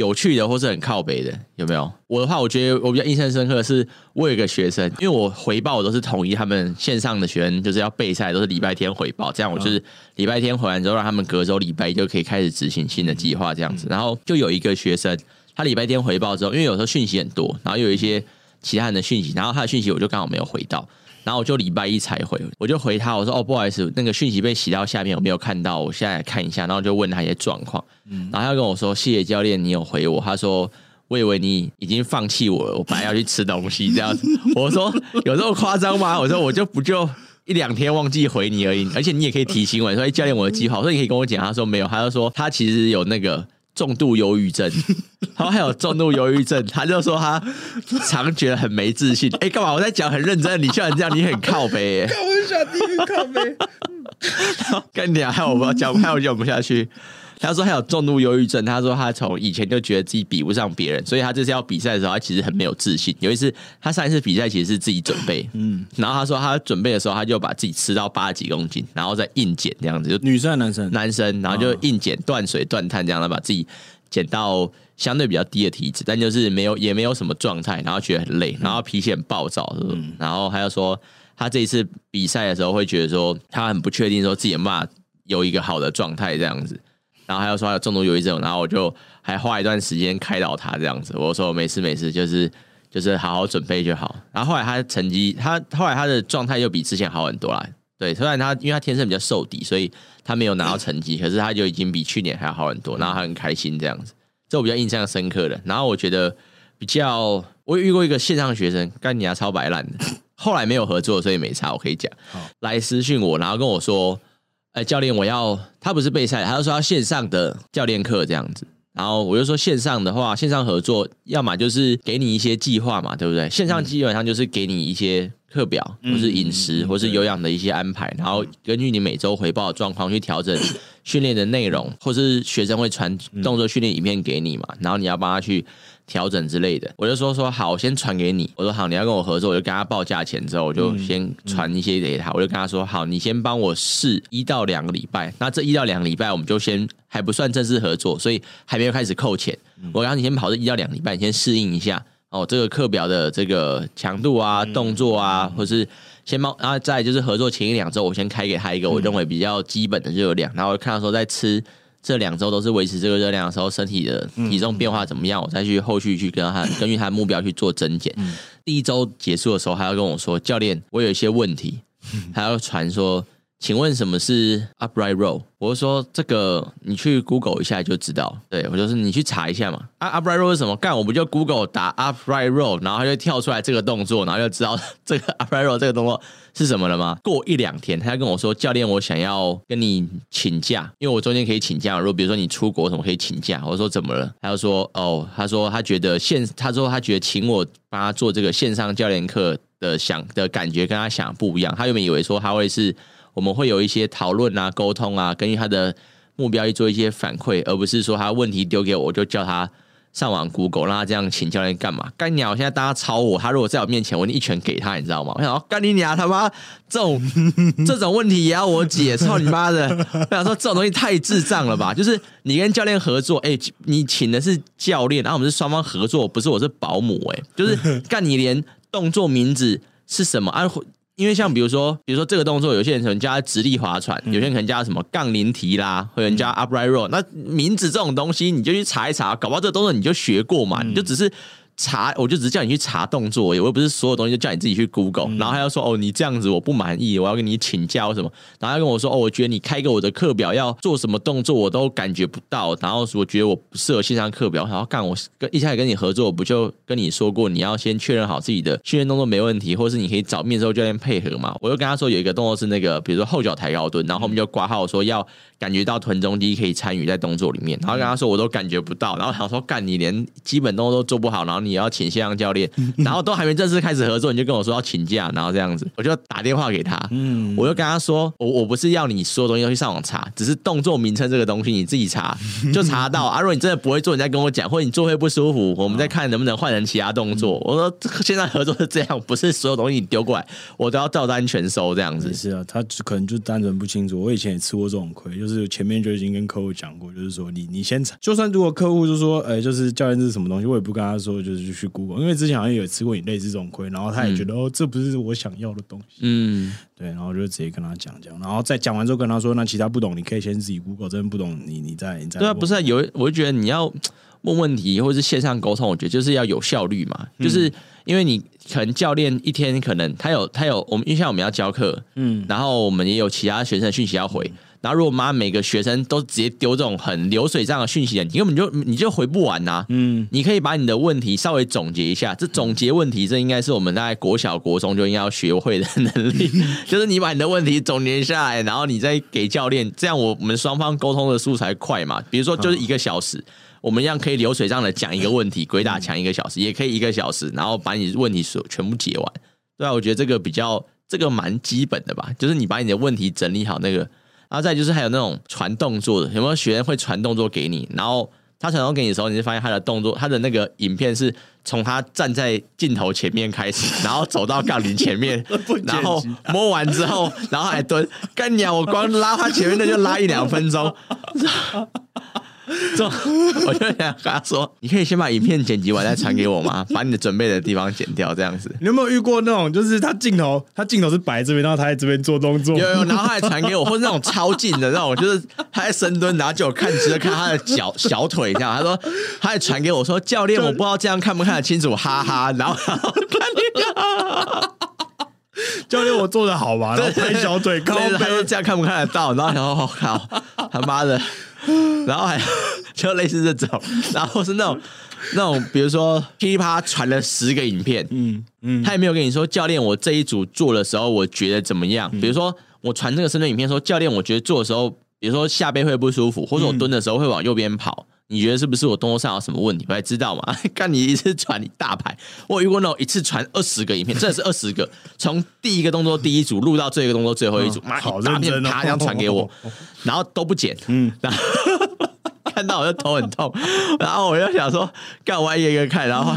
有趣的或是很靠北的有沒有？我的話，我覺得我比較印象深刻的是，我有一個學生，因為我回報我都是統一他們線上的學生，就是要備賽，都是禮拜天回報，這樣我就是禮拜天回完之後，讓他們隔周禮拜一就可以開始執行新的計劃，這樣子。然後就有一個學生，他禮拜天回報之後，因為有時候訊息很多，然後有一些其他人的訊息，然後他的訊息我就剛好沒有回到。然後我就禮拜一才回，我就回他，我說哦，不好意思，那個訊息被洗到下面，我沒有看到，我現在來看一下。然後就問他一些狀況，嗯、然後他跟我說，謝謝教練，你有回我。他說，我以為你已經放棄我了，我本來要去吃東西這樣子。 我說有這麼誇張嗎？我說我就不就一兩天忘記回你而已，而且你也可以提醒我，說哎、欸、教練我的計劃，我說你可以跟我講。他說沒有，他就說他其實有那個。重度憂鬱症，然後還有重度憂鬱症， 他就說他常覺得很沒自信。哎、欸，幹嘛？我在講很認真，你居然這樣，你很靠北耶、欸！我想你很靠北。 跟你講、啊、還有嗎？講還有講不下去。他說：“他有重度憂鬱症。”他說：“他從以前就覺得自己比不上別人，所以他這次要比賽的時候，他其實很沒有自信。有一次，他上一次比賽其實是自己準備，嗯，然後他說他準備的時候，他就把自己吃到八十幾公斤，然後再硬減這樣子。就女生還男生？男生。然後就硬減、斷水、斷碳，這樣子把自己減到相對比較低的體脂，但就是沒有也沒有什麼狀態，然後覺得很累，然後脾氣很暴躁。嗯，然後還要說他這一次比賽的時候會覺得說他很不確定，說自己有沒有有一個好的狀態這樣子。”然後還要說他有重度憂鬱症，然後我就還花一段時間開導他這樣子。我說我沒事沒事，就是就是好好準備就好。然後後來他成績，他後來他的狀態又比之前好很多啦。對，雖然他因為他天生比較瘦底，所以他沒有拿到成績，嗯、可是他就已經比去年還要好很多。嗯、然後他很開心這樣子，這我比較印象深刻的。然後我覺得比較，我也遇過一個線上學生干年超白爛的， 後來沒有合作，所以沒差。我可以講，哦、來私訊我，然後跟我說。哎，教練，我要他不是備賽，他就說要線上的教練課這樣子。然後我就說線上的話，線上合作要麼就是給你一些計劃嘛，對不對？線上基本上就是給你一些課表，嗯、或是飲食，嗯、或是有氧的一些安排。嗯、然後根據你每周回報的狀況去調整訓練的內容，嗯、或是學生會傳動作訓練影片給你嘛，然後你要幫他去。調整之類的，我就說，說好，我先傳給你。我說好，你要跟我合作，我就跟他報價錢之後，我就先傳一些給他。嗯嗯、我就跟他說好，你先幫我試一到兩個禮拜。那這一到兩個禮拜，我們就先還不算正式合作，所以還沒有開始扣錢。嗯、我讓你先跑這一到兩個禮拜，你先適應一下哦，這個課表的這個強度啊、嗯、動作啊，嗯、或是先幫。然後再就是合作前一兩周，我先開給他一個我認為比較基本的熱量，嗯、然後我就看到說在吃。這兩周都是維持這個熱量的時候，身體的體重變化怎麼樣？嗯嗯、我再去後續去跟他根據他的目標去做增減。嗯、第一周結束的時候，他要跟我說教練，我有一些問題，他、嗯、要傳說。請問什麼是 upright row？我就說，這個你去 Google 一下就知道。對，我就是你去查一下嘛。啊，upright row 是什麼？幹，我不就 Google 打 upright row，然後他就跳出來這個動作，然後就知道這個 upright row 這個動作是什麼了嗎？過一兩天，他就跟我說，教練，我想要跟你請假，因為我中間可以請假。如果比如說你出國什麼可以請假，我就說怎麼了？他就說，哦，他說他覺得線，他說他覺得請我幫他做這個線上教練課的想的感覺跟他想的不一樣。他原本以為說他會是。我們會有一些討論啊、溝通啊，根據他的目標去做一些反饋，而不是說他問題丟給我，我就叫他上網 Google，讓他這樣請教練幹嘛？幹鳥、啊，我現在大家抄我，他如果在我面前，我就一拳給他，你知道嗎？我想幹你娘、啊、他媽這種這種問題也要我解？操 你媽的！我想說這種東西太智障了吧？就是你跟教練合作，哎、欸，你請的是教練，然、啊、後我們是雙方合作，不是我是保姆哎、欸，就是幹你連動作名字是什麼？安、啊因為像比如說，比如說這個動作，有些人可能加直立划船，嗯、有些人可能加什麼槓鈴提拉，或者加 upright row。嗯、那名字這種東西，你就去查一查，搞不好這個動作你就學過嘛，嗯、你就只是。查，我就只是叫你去查動作，我又不是所有東西就叫你自己去 Google、嗯。然後他就說哦，你這樣子我不滿意，我要跟你請教什麼。然後他跟我說哦，我覺得你開給我的課表要做什麼動作我都感覺不到。然後我覺得我不適合線上課表。然後幹，我跟一開始跟你合作，我不就跟你說過你要先確認好自己的訓練動作沒問題，或是你可以找面授教練配合嘛？我就跟他說有一個動作是那個，比如說後腳抬高蹲，然後我們就掛號說要。感覺到臀中肌可以參與在動作裡面，然後跟他說我都感覺不到，然後他說，幹你連基本動作都做不好，然後你要請線上教練，然後都還沒正式開始合作你就跟我說要請假，然後這樣子，我就打電話給他，嗯，我就跟他說我我不是要你所有東西要去上網查，只是動作名稱這個東西你自己查，就查到啊，如果你真的不會做，你再跟我講，或者你做會不舒服，我們再看能不能換成其他動作。我說現在合作是這樣，不是所有東西你丟過來我都要照單全收這樣子。是啊，他可能就單純不清楚，我以前也吃過這種虧，就是。就是前面就已經跟客戶講過，就是說你你先，就算如果客戶就說，哎，就是教練這是什麼東西，我也不跟他說，就是去 Google，因為之前好像有吃過你類似這種虧，然後他也覺得、嗯、哦，這不是我想要的東西，嗯，對，然後就直接跟他講講，然後再講完之後跟他說，那其他不懂你可以先自己 Google，真的不懂你你再，你再。對啊，不是啊，有，我就覺得你要問問題或者是線上溝通，我覺得就是要有效率嘛，嗯，就是因為你可能教練一天可能他有他有我們，因為像我們要教課，嗯，然後我們也有其他學生的訊息要回。嗯然後，如果媽每個學生都直接丟這種很流水賬的訊息，你根本就你就回不完吶。嗯，你可以把你的問題稍微總結一下。這總結問題，這應該是我們在國小、國中就應該要學會的能力。就是你把你的問題總結下來，然後你再給教練，這樣我們雙方溝通的速度才快嘛。比如說，就是一個小時，我們一樣可以流水賬的講一個問題，鬼打牆一個小時，也可以一個小時，然後把你問題所全部解完。對啊，我覺得這個比較這個蠻基本的吧。就是你把你的問題整理好那個。然後、啊、再就是還有那種傳動作的，有沒有學員會傳動作給你？然後他傳動給你的時候，你就發現他的動作，他的那個影片，是從他站在鏡頭前面開始， 然後走到槓鈴前面， 然後摸完之後， 然後還蹲。 幹娘，我光拉他前面的就拉一兩分鐘。 我走 我就想跟他說，你可以先把影片剪輯完再傳給我嗎？把你的準備的地方剪掉，這樣子。你有沒有遇過那種，就是他鏡頭，他鏡頭是擺這邊，然後他在這邊做動作。有有，然後他還傳給我，或者那種超近的，那種我就是他在深蹲，然後就看直接看他的腳小腿這樣。他說，他還傳給我說，說教練我不知道這樣看不看得清楚，哈哈。然後，然後 教練，教練我做得好嗎？然後拍小腿，看 Go 他說這樣看不看得到？然後然後好靠，他媽的！ 然後還就類似這種，然後是那種 那種，比如說噼里啪啦傳了十個影片，嗯嗯，嗯他也沒有跟你說教練，我這一組做的時候，我覺得怎麼樣？嗯、比如說我傳這個深蹲影片說，教練，我覺得做的時候，比如說下背會不舒服，或者我蹲的時候會往右邊跑。嗯你覺得是不是我動作上有什麼問題？我還知道嗎？ 看你一次傳你大牌，我如果弄一次傳二十個影片，真的是二十個，從 第一個動作第一組錄到最後一個動作最後一組，嗯、好大、哦、片這樣傳給我，哦哦哦、然後都不剪，嗯，然後 看到我就頭很痛， 然後我就想說，幹完一個,一個看，然後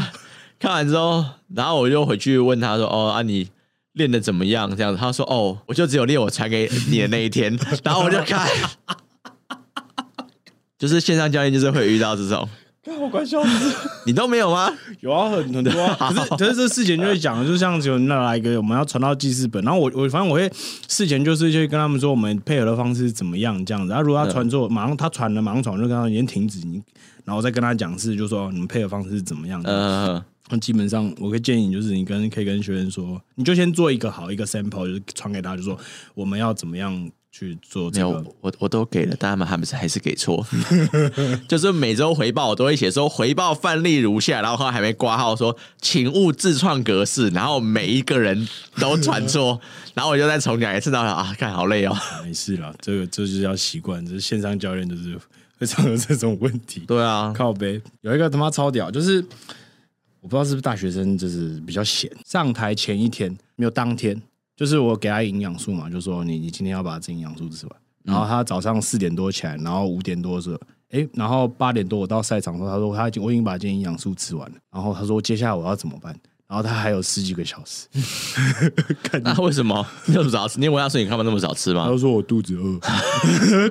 看完之後，然後我就回去問他說，哦，啊，你練的怎麼樣？這樣子，他說，哦，我就只有練我傳給你的那一天， 然後我就看。 就是線上教練，就是會遇到這種，跟我關係笑，你都沒有嗎？ 有啊，很,很多、啊。 好可是可是這事情就會講，就像有那一個，我們要傳到記事本。然後我，我反正我會事前就是去跟他們說，我們配合的方式是怎麼樣這樣子。然、啊、後如果他傳錯，嗯、馬上他傳了，馬上傳就跟他已經停止你，然後再跟他講是，就說你們配合方式是怎麼樣的。那、嗯嗯嗯、基本上我可以建議你，就是你跟可以跟學員說，你就先做一個好一個 sample，就是傳給他，就說我們要怎麼樣。去做沒有我我都給了，但他們還不是還是給錯， 就是每周回報我都會寫說回報範例如下，然後後來還沒括號說請勿自創格式，然後每一個人都傳錯， 然後我就再重講一次到，他說啊，看好累哦，沒事了，這個就是要習慣，就是線上教練就是會常有這種問題，對啊，靠背有一個他媽超屌，就是我不知道是不是大學生，就是比較閒，上台前一天沒有當天。就是我給他營養素嘛，就說你你今天要把這營養素吃完。然後他早上四點多起來，然後五點多的時候，哎、欸，然後八點多我到賽場的時候，他說他已經我已經把今天營養素吃完了。然後他說接下來我要怎麼辦？然後他還有十幾個小時，那 你、啊、為什麼那麼早？吃， 你問他說你幹嘛那麼早吃嗎？他說我肚子餓，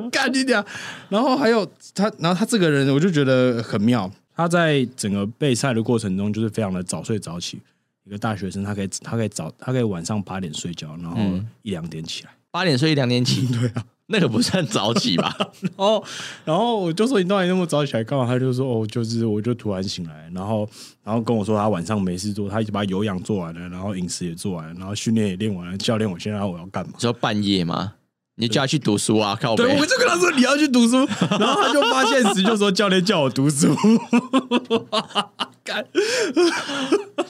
幹 你娘！然後還有他，然後他這個人我就覺得很妙。他在整個備賽的過程中，就是非常的早睡早起。一個大學生，他可以，他可以早，他可以晚上八點睡覺，然後一兩點起來。嗯、八點睡，一兩點起、嗯，對啊，那個不算早起吧？然後 、哦、然後我就說你到底那麼早起來幹嘛？他就說哦，就是我就突然醒來，然後然後跟我說他晚上沒事做，他已經把有氧做完了，然後飲食也做完了，然後訓練也練完了，教練，我現在我要幹嘛？你說半夜嗎？你叫他去讀書啊！對靠北！對我就跟他說你要去讀書，然後他就發現時就說教練叫我讀書， 幹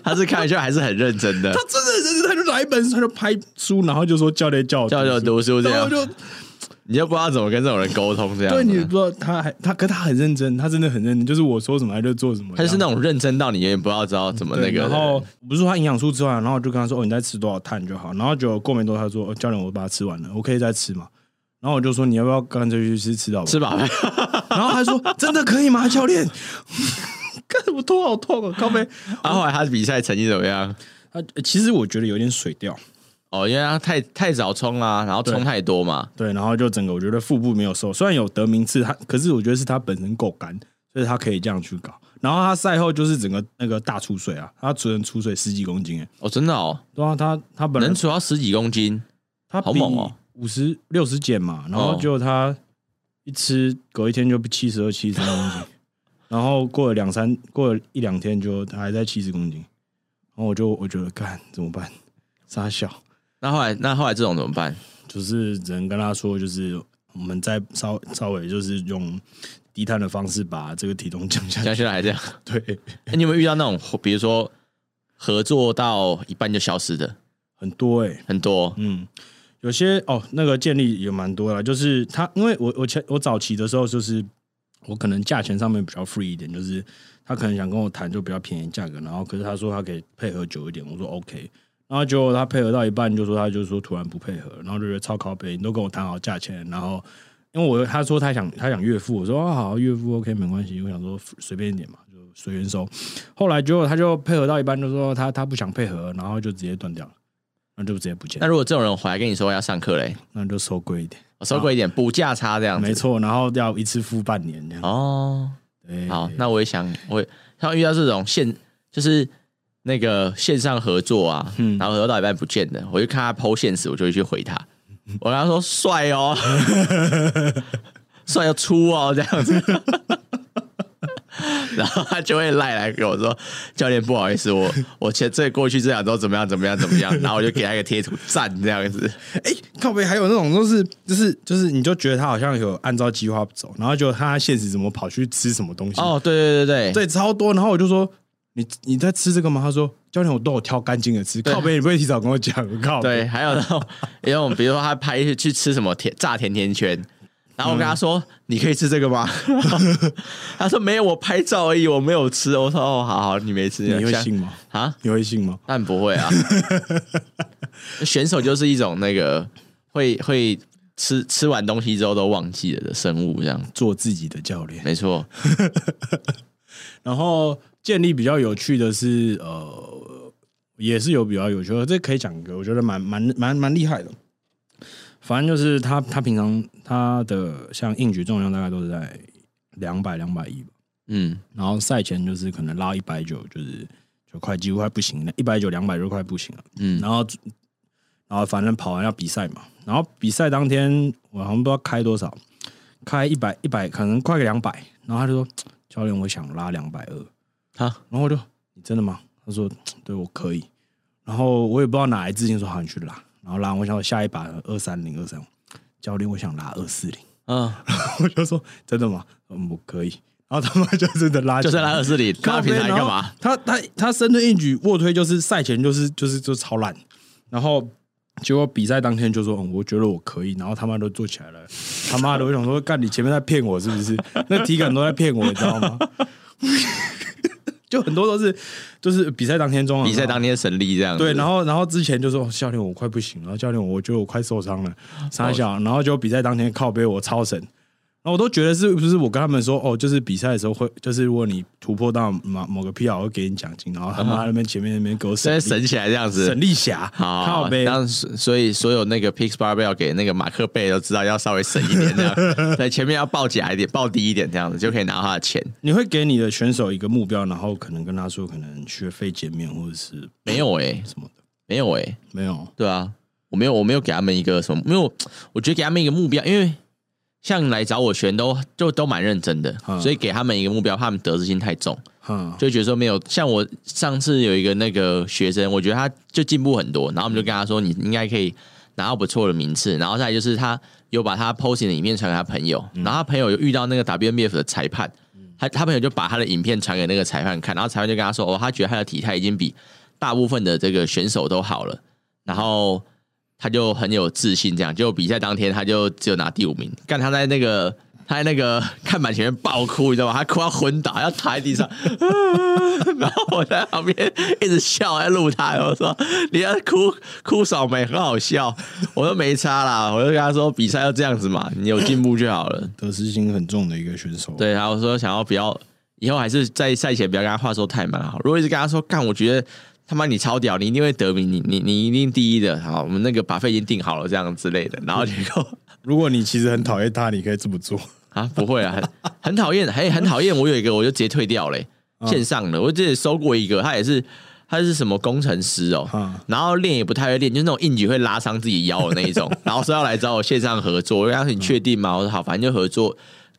他是開玩笑還是很認真的？他真的，真的，他就拿一本書，他就拍書，然後就說教練叫我,教練叫我讀叫我讀書這樣 你就不知道怎麼跟這種人溝通，這樣對，你也不知道他還，他可他很認真，他真的很認真，就是我說什麼他就做什麼。他是那種認真到你也不不知，知道怎麼那個。然後不是說他營養素之外，然後就跟他說：“哦，你在吃多少碳就好。”然後就過沒多久，他說：“哦、教練，我把它吃完了，我可以再吃嘛？”然後我就說：“你要不要乾脆去吃吃，吃吧。」吃飽？”然後他說：“ 真的可以嗎，教練？”“幹什麼頭好痛啊！”“靠北。啊”“然後後來他的比賽成績怎麼樣？”“他其實我覺得有點水掉。”哦，因為他太太早衝啦、啊，然後衝太多嘛對，對，然後就整個我覺得腹部沒有瘦，雖然有得名次，他可是我覺得是他本身夠乾，所以他可以這樣去搞。然後他賽後就是整個那個大出水啊，他只能出水十幾公斤、欸，哦，真的哦，對啊，他他本人能出到十幾公斤，他比 50, 好猛哦五十六十減嘛，然後就他一吃，隔一天就不七十二七十三公斤， 然後過了兩三，過了一兩天就他還在七十公斤，然後我就我覺得幹怎麼辦？殺小。那後來，那後來這種怎麼辦？就是只能跟他說，就是我們再稍微稍微，就是用低碳的方式把這個體重降降下來，現在現在還這樣。對，欸、你有沒有遇到那種，比如說合作到一半就消失的？很多哎，很多、欸。很多嗯，有些哦，那個建立也蠻多啦。就是他，因為我我前我早期的時候，就是我可能價錢上面比較 free 一點，就是他可能想跟我談就比較便宜價格，然後可是他說他可以配合久一點，我說 OK。然後結果他配合到一半，就說他就說突然不配合，然後就覺得超靠北，你都跟我談好價錢，然後因為我他說他想他想月付，我說啊好月付 OK 沒關係，我想說隨便一點嘛，就隨便收。後來結果他就配合到一半，就說他他不想配合，然後就直接斷掉了，那就直接不接。那如果這種人回來跟你說要上課嘞，那就收貴一點，哦、收貴一點補價差這樣，沒錯。然後要一次付半年這樣哦。對對好，那我也想我像遇到這種現就是。那個線上合作啊，嗯、然後我到一半不見了，我就看他 po 限時，我就會去回他，我跟他說，帥哦，嗯、帥要粗哦這樣子，嗯、然後他就會賴來給我說 教練不好意思，我我前這過去這兩週怎麼樣怎麼樣怎麼樣，然後我就給他一個貼圖讚這樣子。哎，靠北還有那種是就是就是，就是，你就覺得他好像有按照計劃走，然後就看他限時怎麼跑去吃什麼東西哦，對對對對，對，對，對超多，然後我就說。你你在吃這個嗎？他說，教練，我都有挑乾淨的吃。對靠北，你不會提早跟我講，我靠。對，還有那種， 種比如說他拍去去吃什麼甜炸甜甜圈，然後我跟他說，嗯、你可以吃這個嗎？ 他說沒有，我拍照而已，我沒有吃。我說哦，好好，你沒吃，你會，啊、你會信嗎？啊，你會信嗎？但不會啊。 選手就是一種那個會會吃吃完東西之後都忘記了的生物，這樣做自己的教練，沒錯錯。 然後。建立比較有趣的是，呃，也是有比較有趣的，這可以講一個，我覺得蠻蠻蠻蠻，蠻厲害的。反正就是他他平常他的像硬舉重量大概都是在兩百兩百一吧，嗯，然後賽前就是可能拉一百九，就是就快幾乎快不行了，一百九兩百就快不行了，嗯，然後然後反正跑完要比賽嘛，然後比賽當天我好像不知道開多少，開一百一百可能快個兩百，然後他就說教練我想拉兩百二。他，然後我就真的嗎？他說，對我可以，然後我也不知道哪來自信說，好你去拉，然後拉，我想下一把二三零二三五，教練我想拉二四零，嗯，然後我就說真的嗎？嗯，我可以，然後他媽就真的拉，就在拉二四零，拉平台幹嘛？他他他深蹲硬舉臥推就是賽前就是就是就超爛，然後結果比賽當天就說嗯我覺得我可以，然後他媽都做起來了，他媽的我想說幹你前面在騙我是不是？那體感都在騙我，你知道嗎？ 就很多都是，就是比賽當天中，比賽當天神力這樣。對，然後，然後之前就說教練我快不行了，然後教練我覺得我快受傷了，三小？哦、然後就比賽當天靠北我，我超神。那我都覺得是不是我跟他們說哦，就是比賽的時候會，就是如果你突破到某某個 PR 我會給你獎金。然後他們那邊前面那邊省、嗯、現在省起來這樣子，省力俠好。這樣杯所以所有那個 Pix Barbell 給那個馬克貝都知道要稍微省一點這樣 前面要報假一點，報低一點這樣子就可以拿他的錢。你會給你的選手一個目標，然後可能跟他說，可能學費減免或者是沒有哎、欸、什麼的，沒有哎、欸，沒有。對啊，我沒有，我沒有給他們一個什麼，沒有，我覺得給他們一個目標，因為。像來找我學員都就都蠻認真的，所以給他們一個目標，怕他們得失心太重，就覺得說沒有。像我上次有一個那個學生，我覺得他就進步很多，然後我們就跟他說，你應該可以拿到不錯的名次。然後再來就是他有把他 posing 的影片傳給他朋友，然後他朋友又遇到那個 WNBF 的裁判，他他朋友就把他的影片傳給那個裁判看，然後裁判就跟他說，哦，他覺得他的體態已經比大部分的這個選手都好了，然後。他就很有自信，這樣，結果比賽當天，他就只有拿第五名。幹他在那個他在那個看板前面爆哭，你知道嗎？他哭到昏倒，要躺在地上。 然後我在旁邊一直笑，在錄他。我說：“你要哭哭少沒很好笑。”我說：“沒差啦。”我就跟他說：“比賽要這樣子嘛，你有進步就好了。”得失心很重的一個選手。對，然後我說：“想要不要以後還是在賽前不要跟他話說太滿好。如果一直跟他說幹，幹我覺得。”他媽，你超屌，你一定會得名，你你你一定第一的。好，我們那個 buffet 已經訂好了，這樣之類的。然後結果如果你其實很討厭他，你可以這麼做啊。不會啊，很討厭，很 很討厭。我有一個，我就直接退掉了，啊、線上的，我之前收過一個，他也是他是什麼工程師哦、喔，啊、然後練也不太會練，就是、那種硬舉會拉傷自己腰的那一種。 然後說要來找我線上合作，我要說你確定嗎？嗯、我說好，反正就合作。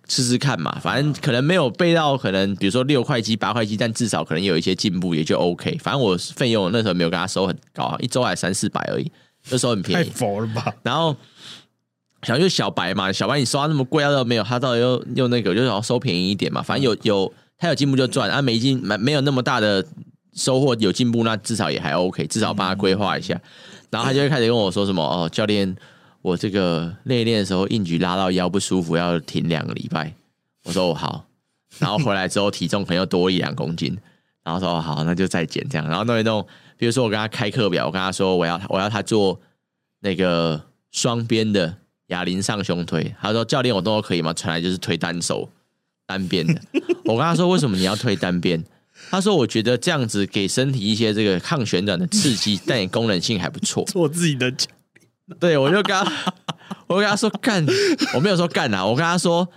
試試看嘛，反正可能沒有背到，可能比如說六塊肌、八塊肌，但至少可能有一些進步，也就 OK。反正我費用那時候沒有跟他收很高啊，一周還三四百而已，就收很便宜。太佛了吧！然後，想就小白嘛，小白你收他那麼貴，他都沒有，他到底又又那個，就想要收便宜一點嘛。反正有有他有進步就賺，啊，沒進沒沒有那麼大的收穫，有進步那至少也還 OK，至少幫他規劃一下。嗯。然後他就會開始跟我說什麼哦，教練。我這個練練的時候，硬舉拉到腰不舒服，要停兩個禮拜。我說我好，然後回來之後體重可能又多了一兩公斤，然後說好，那就再減這樣。然後弄一弄，比如說我跟他開課表，我跟他說我要我要他做那個雙邊的啞鈴上胸推，他說教練我動作可以嗎？傳來就是推單手單邊的。 我跟他說為什麼你要推單邊？他說我覺得這樣子給身體一些這個抗旋轉的刺激，但也功能性還不錯。做自己的腳。對，我就跟，我跟他說幹， 我沒有說幹吶、啊，我跟他說，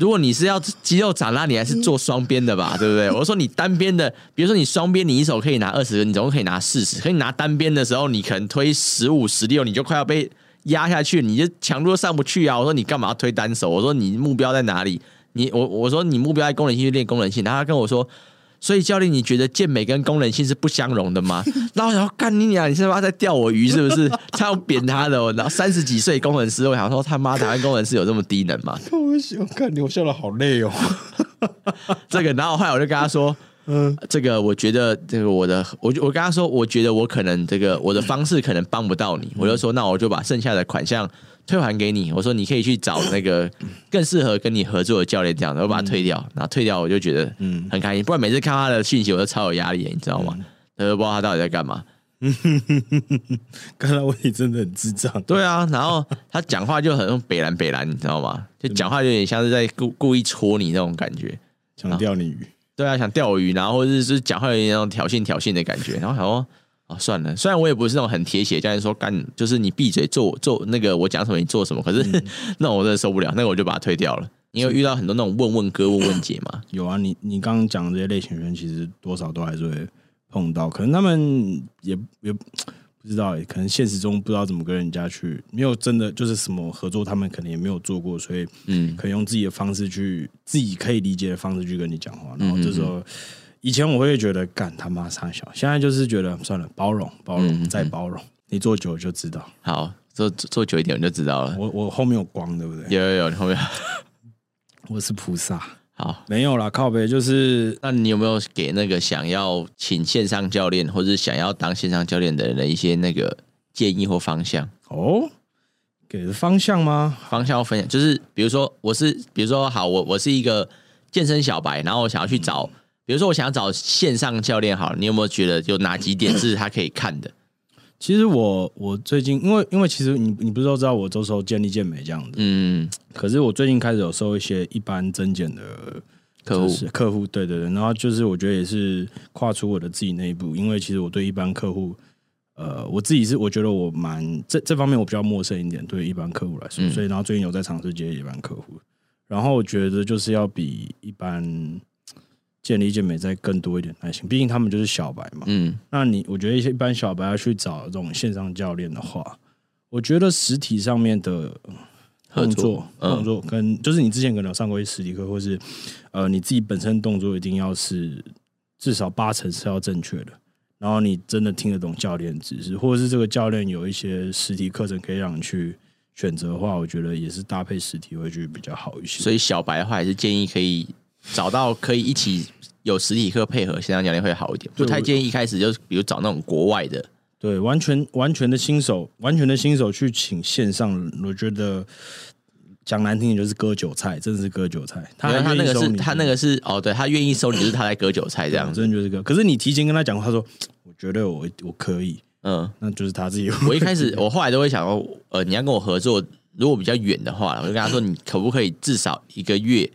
如果你是要肌肉長大，那你還是做雙邊的吧，對不對？我說你單邊的，比如說你雙邊，你一手可以拿二十個，你總共可以拿四十，可以拿單邊的時候，你可能推十五、十六，你就快要被壓下去，你就強度上不去啊。我說你幹嘛要推單手？我說你目標在哪裡？你我我說你目標在功能性練功能性，然後他跟我說。所以教練，你覺得健美跟功能性是不相容的嗎？ 然後然後幹你娘、啊，你他媽在釣我魚是不是？他要扁他的、哦，然後三十幾歲工程師，我想說他媽台灣工程師有這麼低能嗎？我不喜歡看你，我笑得好累哦。 這個，然後後來我就跟他說，嗯，這個我覺得這個我的，我我跟他說，我覺得我可能這個我的方式可能幫不到你， 我就說那我就把剩下的款項。退還給你，我說你可以去找那個更適合跟你合作的教練這樣，然後把它退掉，嗯、然後退掉我就覺得嗯，很開心，不然每次看他的訊息我都超有壓力，你知道嗎？他都、嗯、不知道他到底在幹嘛。剛才問題真的很智障，對啊，然後他講話就很用白爛白爛，你知道嗎？就講話就有點像是在故故意戳你那種感覺，想釣你魚，對啊，想釣魚，然後或者是講話有點那種挑釁挑釁的感覺，然後想說哦、算了，雖然我也不是那種很鐵血，家人說幹就是你閉嘴做做，做那個，我講什麼你做什麼，可是、嗯、呵呵那我真的受不了，那個、我就把它推掉了。是因為遇到很多那種問問哥問問姐嘛。有啊，你你剛剛講的這些類型的人，其實多少都還是會碰到，可能他們也也不知道、欸，可能現實中不知道怎麼跟人家去，沒有真的就是什麼合作，他們可能也沒有做過，所以嗯，可以用自己的方式去、嗯、自己可以理解的方式去跟你講話，然後這時候，嗯嗯以前我會覺得幹他媽三小，現在就是覺得算了，包容包容、嗯、再包容。嗯、你做久就知道，好，做做久一點你就知道了。我我後面有光，對不對？有有有，你後面 我是菩薩。好，沒有啦，靠北，就是。那你有沒有給那個想要請線上教練，或者是想要當線上教練的人的一些那個建議或方向？哦，給方向嗎？方向要分享就是，比如說我是，比如說好，我我是一個健身小白，然後我想要去找。嗯比如說，我想要找線上教練，好了，你有沒有覺得有哪幾點是他可以看的？其實我我最近，因為因為其實你你不是都知道我這時候健力健美這樣子，嗯，可是我最近開始有收一些一般增減的客戶、就是、客戶，對對對，然後就是我覺得也是跨出我的自己那一步，因為其實我對一般客戶，呃，我自己是我覺得我蠻這這方面我比較陌生一點，對一般客戶來說，嗯、所以然後最近有在嘗試接一般客戶，然後我覺得就是要比一般。健力、健美，再更多一點耐心。畢竟他們就是小白嘛。嗯，那你我覺得一些一般小白要去找這種線上教練的話，我覺得實體上面的動作，合作、嗯、動作跟就是你之前可能上過一些實體課，或是呃你自己本身動作一定要是至少八成是要正確的。然後你真的聽得懂教練指示，或者是這個教練有一些實體課程可以讓你去選擇的話，我覺得也是搭配實體會去比較好一些。所以小白的話，還是建議可以。找到可以一起有實體課配合線上教練會好一點，不太建議一開始就比如找那種國外的對，對，完全完全的新手，完全的新手去請線上，我覺得講難聽點就是割韭菜，真的是割韭菜。他他那個是他，他那個是，那個是哦，對他願意收你就是他在割韭菜這樣，真的就是割，可是你提前跟他講，他說我覺得我我可以，嗯，那就是他自己會。我一開始對我後來都會想說，呃，你要跟我合作，如果比較遠的話，我就跟他說，你可不可以至少一個月。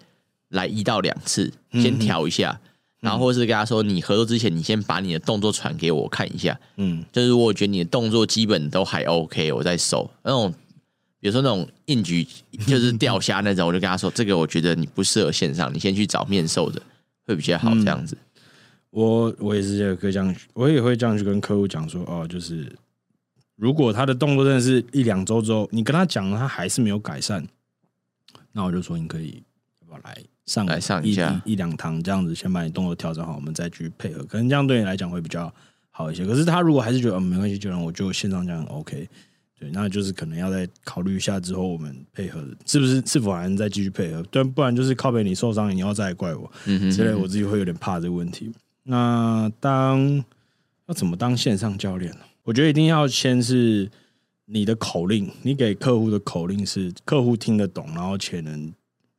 來一到兩次，先調一下，嗯、然後或是跟他說，你合作之前，你先把你的動作傳給我看一下。嗯，就是如果我覺得你的動作基本都還 OK，我再收。那種比如說那種硬舉，就是掉下那種， 我就跟他說，這個我覺得你不適合線上，你先去找面授的會比較好。這樣子，嗯、我我也是也可以這樣，這樣我也會這樣去跟客戶講說，哦，就是如果他的動作真的是一兩週之後，你跟他講了，他還是沒有改善，那我就說你可以。來上來上一下一兩堂這樣子，先把你動作調整好，我們再去配合。可能這樣對你來講會比較好一些。可是他如果還是覺得，嗯、哦，沒關係，就讓我就線上這樣 OK 對，那就是可能要再考慮一下之後，我們配合是不是是否還能再繼續配合？但不然就是靠北你受傷，你要再怪我，嗯、哼之類我自己會有點怕這個問題。那當要怎麼當線上教練呢？我覺得一定要先是你的口令，你給客戶的口令是客戶聽得懂，然後且能。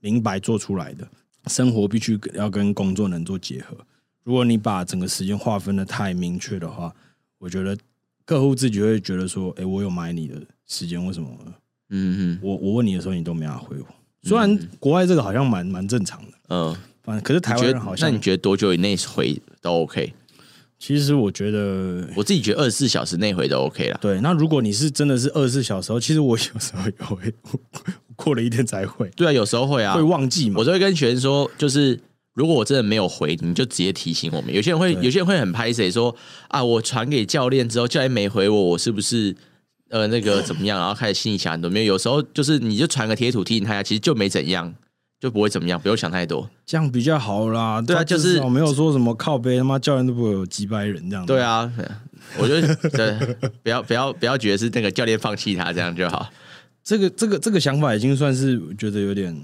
明白做出來的生活必須要跟工作能做結合。如果你把整個時間劃分得太明確的話，我覺得客戶自己會覺得說：“哎、欸，我有買你的時間，為什麼？”嗯嗯哼，我我問你的時候，你都沒法回我。雖然國外這個好像蠻蠻正常的，嗯，反正可是台灣人好像，那你覺得多久以內回都 OK？其實我覺得，我自己覺得二十四小時內回都 OK 了。對，那如果你是真的是二十四小時後，其實我有時候也會我我過了一天才回。對啊，有時候會啊，會忘記。嘛，我就會跟學生說，就是如果我真的沒有回，你就直接提醒我們。有些人會，對有些人會很拍誰說啊，我傳給教練之後，教練沒回我，我是不是呃那個怎麼樣？然後開始心裡想很多沒有。有時候就是你就傳個貼圖提醒他呀，其實就沒怎樣。就不會怎麼樣，不用想太多，這樣比較好啦。對啊，就是沒有說什麼靠杯，他媽、啊、教練都不會有擊敗人這樣。對啊，我覺得 不要不要不要覺得是那個教練放棄他這樣就好。這個這個這個想法已經算是我覺得有點，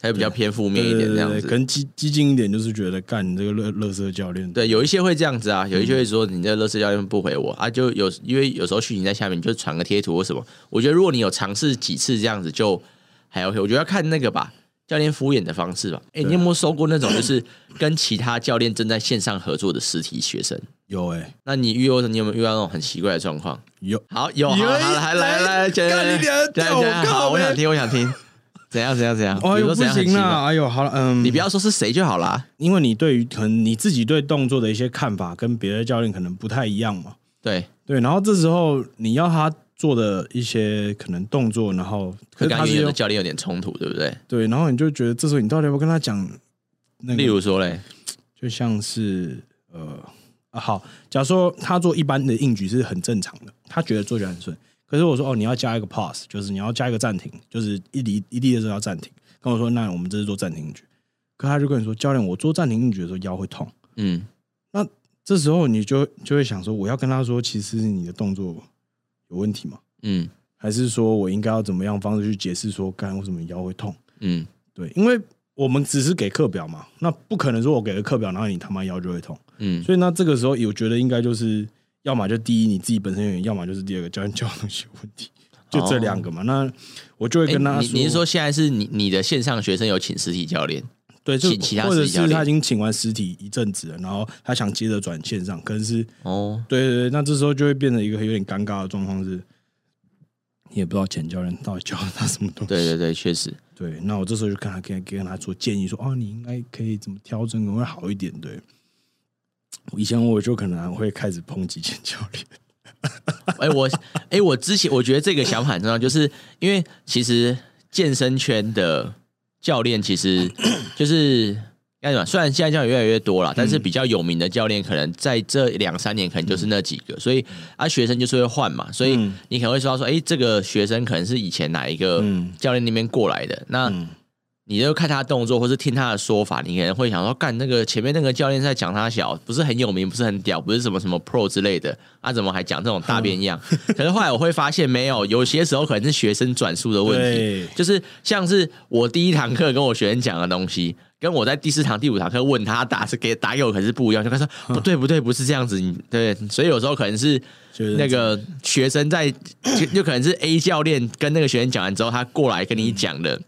還比較偏負面一點，這樣子對對對，可能激激進一點就是覺得，幹你這個垃垃圾教練。對，有一些會這樣子啊，有一些會說你這垃圾教練不回我啊，就有因為有時候訊息在下面你就傳個貼圖或什麼。我覺得如果你有嘗試幾次這樣子就還 OK，我覺得要看那個吧。教練敷衍的方式吧。哎、欸，你有沒有收過那種就是跟其他教練正在線上合作的實體學生？有哎、欸。那你遇到，你有沒有遇到那種很奇怪的狀況有？有，好有，好了，來來來，教練，教練，我想聽，我想聽， 怎樣怎樣怎樣？比如說怎樣很奇怪，行啦哎呦，好了，嗯，你不要說是誰就好啦。因為你對於可能你自己對動作的一些看法跟別的教練可能不太一樣嘛。對對，然後這時候你要他。做的一些可能動作，然後可是他覺得教練有點衝突，對不對？對，然後你就覺得這時候你到底要不要跟他講、那個？那例如說嘞，就像是呃啊好，假如說他做一般的硬舉是很正常的，他覺得做起來很順。可是我說哦，你要加一個 pause，就是你要加一個暫停，就是一立一立的時候要暫停。跟我說，那我們這是做暫停硬舉。可他就跟你說，教練，我做暫停硬舉的時候腰會痛。嗯，那這時候你就就會想說，我要跟他說，其實你的動作。有問題嗎？嗯，還是說我應該要怎麼樣方式去解釋說，幹，為什麼腰會痛？嗯，對，因為我們只是給課表嘛，那不可能說我給了課表，然後你他媽腰就會痛。嗯，所以那這個時候，我覺得應該就是，要麼就第一你自己本身有原因，要麼就是第二個教練教的東西有問題，就這兩個嘛。哦，那我就會跟他說，欸，你，你是說現在是你你的線上學生有請實體教練？對，就或者是他已經請完實體一陣子了，然後他想接着轉線上，可能是哦，對對對，那這時候就會變成一個有點尷尬的狀況，是你也不知道前教練到底教他什麼東西。對對對，確實。對，那我這時候就跟他給跟，跟他做建議說啊、哦，你應該可以怎麼調整會好一點。對，以前我就可能會開始抨擊前教練。哎、 欸，我哎、欸，我之前我覺得這個想法很重要，就是因為其實健身圈的。教練其實就是該怎麼雖然現在教練越來越多了，但是比較有名的教練可能在這兩三年可能就是那幾個，所以啊，學生就是會換嘛，所以你可能會說到說，哎，這個學生可能是以前哪一個教練那邊過來的那。你就看他動作，或是聽他的說法，你可能會想說：“幹那個前面那個教練在講他小，不是很有名，不是很屌，不是什麼什麼 pro 之類的，他、啊、怎麼還講這種大變樣？”嗯、可是後來我會發現，沒有，有些時候可能是學生轉述的問題，對就是像是我第一堂課跟我學生講的東西，跟我在第四堂、第五堂課問他打是給打給我，可是不一樣。就跟他說：“嗯、不對，不對，不是這樣子。”對，所以有時候可能是那個學生在，生就可能是 A 教練跟那個學生講完之後，他過來跟你講的。嗯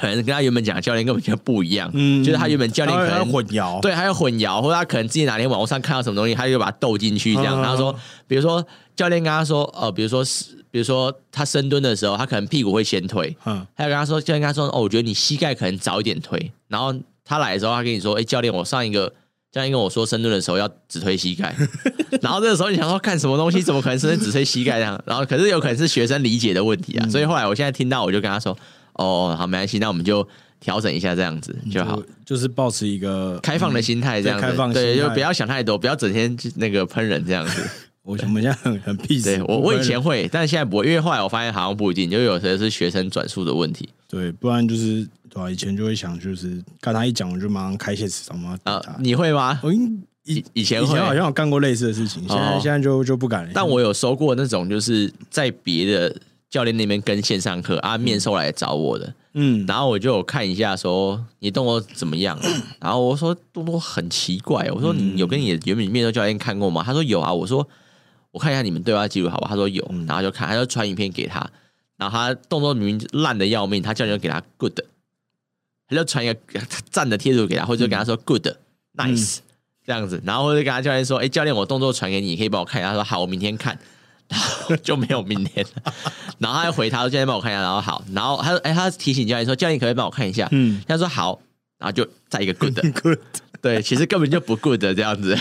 可能跟他原本講的教練根本就不一樣，嗯，就是他原本教練可能混淆，對，還要混淆，或者他可能自己哪天網絡上看到什麼東西，他就把它鬥進去這樣。他、嗯嗯、說，比如說教練跟他說，哦、呃，比如說，比如說他深蹲的時候，他可能屁股會先推，嗯，他又跟他說，教練跟他說，哦，我覺得你膝蓋可能早一點推。然後他來的時候，他跟你說，哎，教練，我上一個教練跟我說深蹲的時候要只推膝蓋， 然後這個時候你想說，看什麼東西怎麼可能是只推膝蓋這樣？然後可是有可能是學生理解的問題啊，嗯、所以後來我現在聽到，我就跟他說。哦，好，沒關係，那我們就調整一下，這樣子、嗯、就，就好，就是保持一個開放的心態，這樣子，對，開放心態，對，就不要想太多，不要整天那個噴人這樣子。 對我不我們現在很 peace 對，我我以前會，但現在不會，因為後來我發現好像不一定，就有時候是學生轉述的問題。對，不然就是對吧、啊？以前就會想，就是剛才一講，我就馬上開些什麼，呃，你會嗎？我以因以前會以前好像有幹過類似的事情，現在、哦、現在就就不敢了。但我有收過那種就是在別的。教練那邊跟線上課，啊面授來找我的，嗯，然後我就看一下，說你的動作怎麼樣啊？然後我說動作很奇怪，我說你有跟你的原本面授教練看過嗎？他說有啊，我說我看一下你們對話記錄好不好？他說有，然後就看，他就傳影片給他，然後他動作明明爛的要命，他教練就給他 good，他就傳一個讚的貼圖給他，或者跟他說 good nice 這樣子，然後我就跟他教練說，欸，哎教練我動作傳給你，可以幫我看一下，他說好，我明天看。 就沒有明天，然後他又回他，說：“教練幫我看一下。”然後好，然後他說：“哎、欸，他提醒教練說，教練可，可以幫我看一下。”嗯，他說好，然後就再一個 good，的對。其實根本就不 good 的這樣子。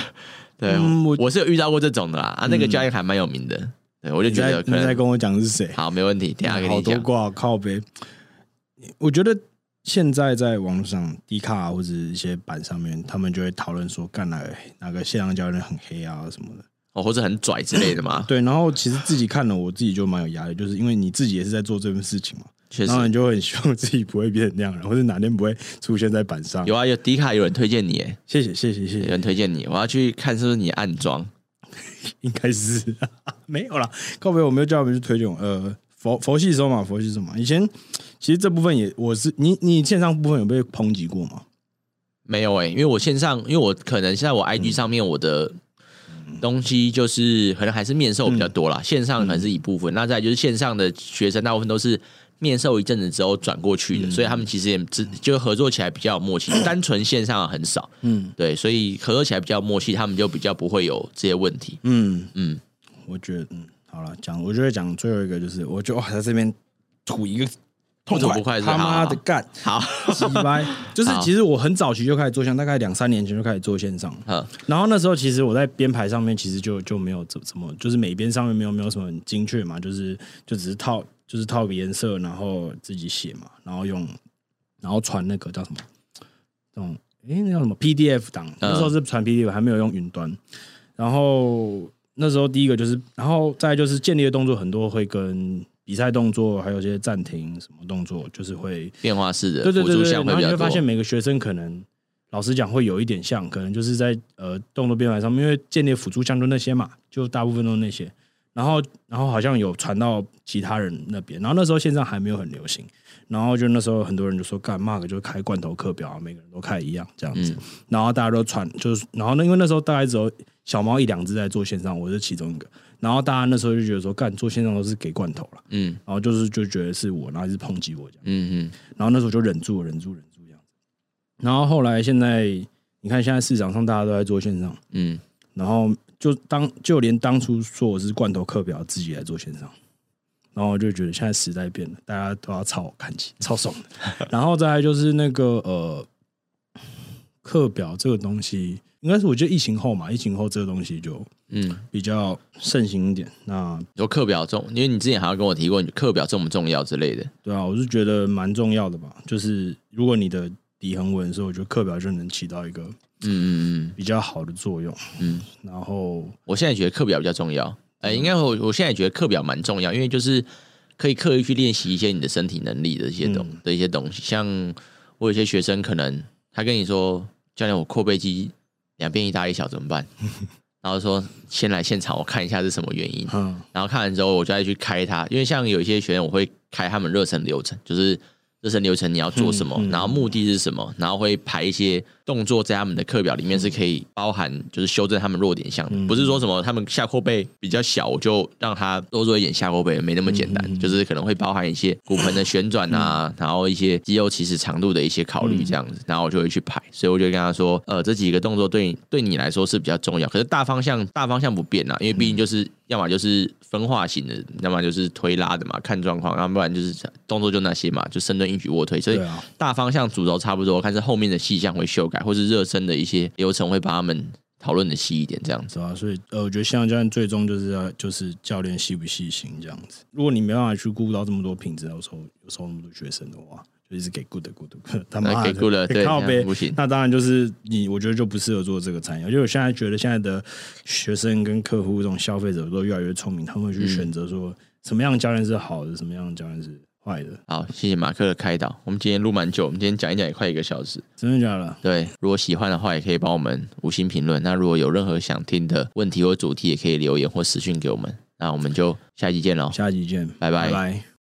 對，我是有遇到過這種的啦。啊，啊，那個教練還蠻有名的。對，我就覺得有可能在跟我講是誰。好，沒問題，等下跟你講。好多掛靠唄。我覺得現在在網上 D 卡或者一些板上面，他們就會討論說，幹哪那哪個線上教練很黑啊什麼的。哦，或者很拽之類的嘛 對，然後其實自己看了，我自己就蠻有壓力，就是因為你自己也是在做這件事情嘛。確實，然後你就很希望自己不會變成那樣，或者哪天不會出現在板上。有啊，有 D 卡有人推薦你耶！耶、嗯。謝謝謝謝謝謝，有人推薦你，我要去看是不是你暗裝， 應該是、啊、沒有啦。靠北，我沒有叫你們去推薦。呃，佛佛系什麼？佛系什麼？以前其實這部分也，我是你你線上部分有被抨擊過嗎？沒有哎、欸，因為我線上，因為我可能現在我 IG 上面我的、嗯。東西就是可能還是面授比較多啦，嗯、線上可能是一部分。嗯、那再就是線上的學生大部分都是面授一陣子之後轉過去的，嗯、所以他們其實也只就合作起來比較有默契。嗯、單純線上很少，嗯，對，所以合作起來比較默契，他們就比較不會有這些問題。嗯嗯，嗯我覺得嗯好了，講我覺得講最後一個就是，我就在這邊吐一個。不快不快，他媽的幹好洗白，就是其實我很早期就開始做線上好大概兩三年前就開始做線上，嗯、然後那時候其實我在編排上面其實就就沒有怎怎麼，就是每邊上面沒有沒有什麼很精確嘛，就是就只是套就是套個顏色，然後自己寫嘛，然後用然後傳那個叫什麼，這種哎、欸、那叫什麼 PDF 檔，那時候是傳 PDF，還沒有用雲端，然後那時候第一個就是然後再就是建立的動作很多會跟。比賽動作還有一些暫停什麼動作，就是會變化式的輔助對，對。會，然後你會發現每個學生可能，老實講會有一點像，可能就是在呃動作編排上面，因為健力輔助項就那些嘛，就大部分都那些。然後，然後好像有傳到其他人那邊。然後那時候線上還沒有很流行，然後就那時候很多人就說幹 mark 就開罐頭課表啊，每個人都開一樣這樣子。然後大家都傳，就是然後因為那時候大概只有小貓一兩只在做線上，我是其中一個。然後大家那時候就覺得說，幹做線上都是給罐頭了，嗯，然後就是就覺得是我，然後一直抨擊我這樣嗯嗯哼，然後那時候就忍住，忍住，忍住這樣子。然後後來現在，你看現在市場上大家都在做線上，嗯，然後就當就連當初說我是罐頭課表自己來做線上，然後我就覺得現在時代變了，大家都要朝我看齊，超爽的。 然後再來就是那個呃，課表這個東西。應該是我覺得疫情後嘛，疫情後這個東西就嗯比較盛行一點。嗯、那有課表重，因為你之前好像跟我提過課表重不重要之類的，對啊，我是覺得蠻重要的吧。就是如果你的底很穩的時候，我覺得課表就能起到一個嗯嗯嗯比較好的作用。嗯，然後我現在覺得課表比較重要。哎、嗯，欸、應該我我現在覺得課表蠻重要，因為就是可以刻意去練習一些你的身體能力的一些東、嗯、的一些東西。像我有些學生可能他跟你說教練，我闊背肌。兩邊一大一小怎麼辦？ 然後說先來現場，我看一下是什麼原因。嗯、然後看完之後，我再去開它，因為像有一些學員，我會開他們熱身流程，就是熱身流程你要做什麼，嗯嗯、然後目的是什麼，然後會排一些。動作在他們的課表裡面是可以包含，就是修正他們弱點項，不是說什麼他們下闊背比較小，就讓他多做一點下闊背，沒那麼簡單，就是可能會包含一些骨盆的旋轉啊，然後一些肌肉起始長度的一些考慮這樣子，然後我就會去排，所以我就跟他說，呃，這幾個動作對你對你來說是比較重要，可是大方向大方向不變啊，因為畢竟就是要麼就是分化型的，要麼就是推拉的嘛，看狀況，要不然就是動作就那些嘛，就深蹲、硬舉、臥推，所以大方向主軸差不多，看是後面的細項會修改。或是熱身的一些流程，會把他們討論的細一點，這樣子。啊，所以，呃，我覺得現在教練最終就是要就是教練細不細心這樣子。如果你沒辦法去顧到這麼多品質，有時候有時候那麼多學生的話，就一直給 good good，的、嗯、他們給 good 對、啊，不行。那當然就是你，我覺得就不適合做這個產業。就我現在覺得現在的學生跟客戶這種消費者都越來越聰明，他們會去選擇說麼、嗯、什麼樣的教練是好的，什麼樣的教練是。好的，好，謝謝馬克的開導。我們今天錄蠻久，我們今天講一講也快一個小時，真的假的？對，如果喜歡的話，也可以幫我們五星評論。那如果有任何想聽的問題或主題，也可以留言或私訊給我們。那我們就下期見嘍，下期見，bye bye 拜拜。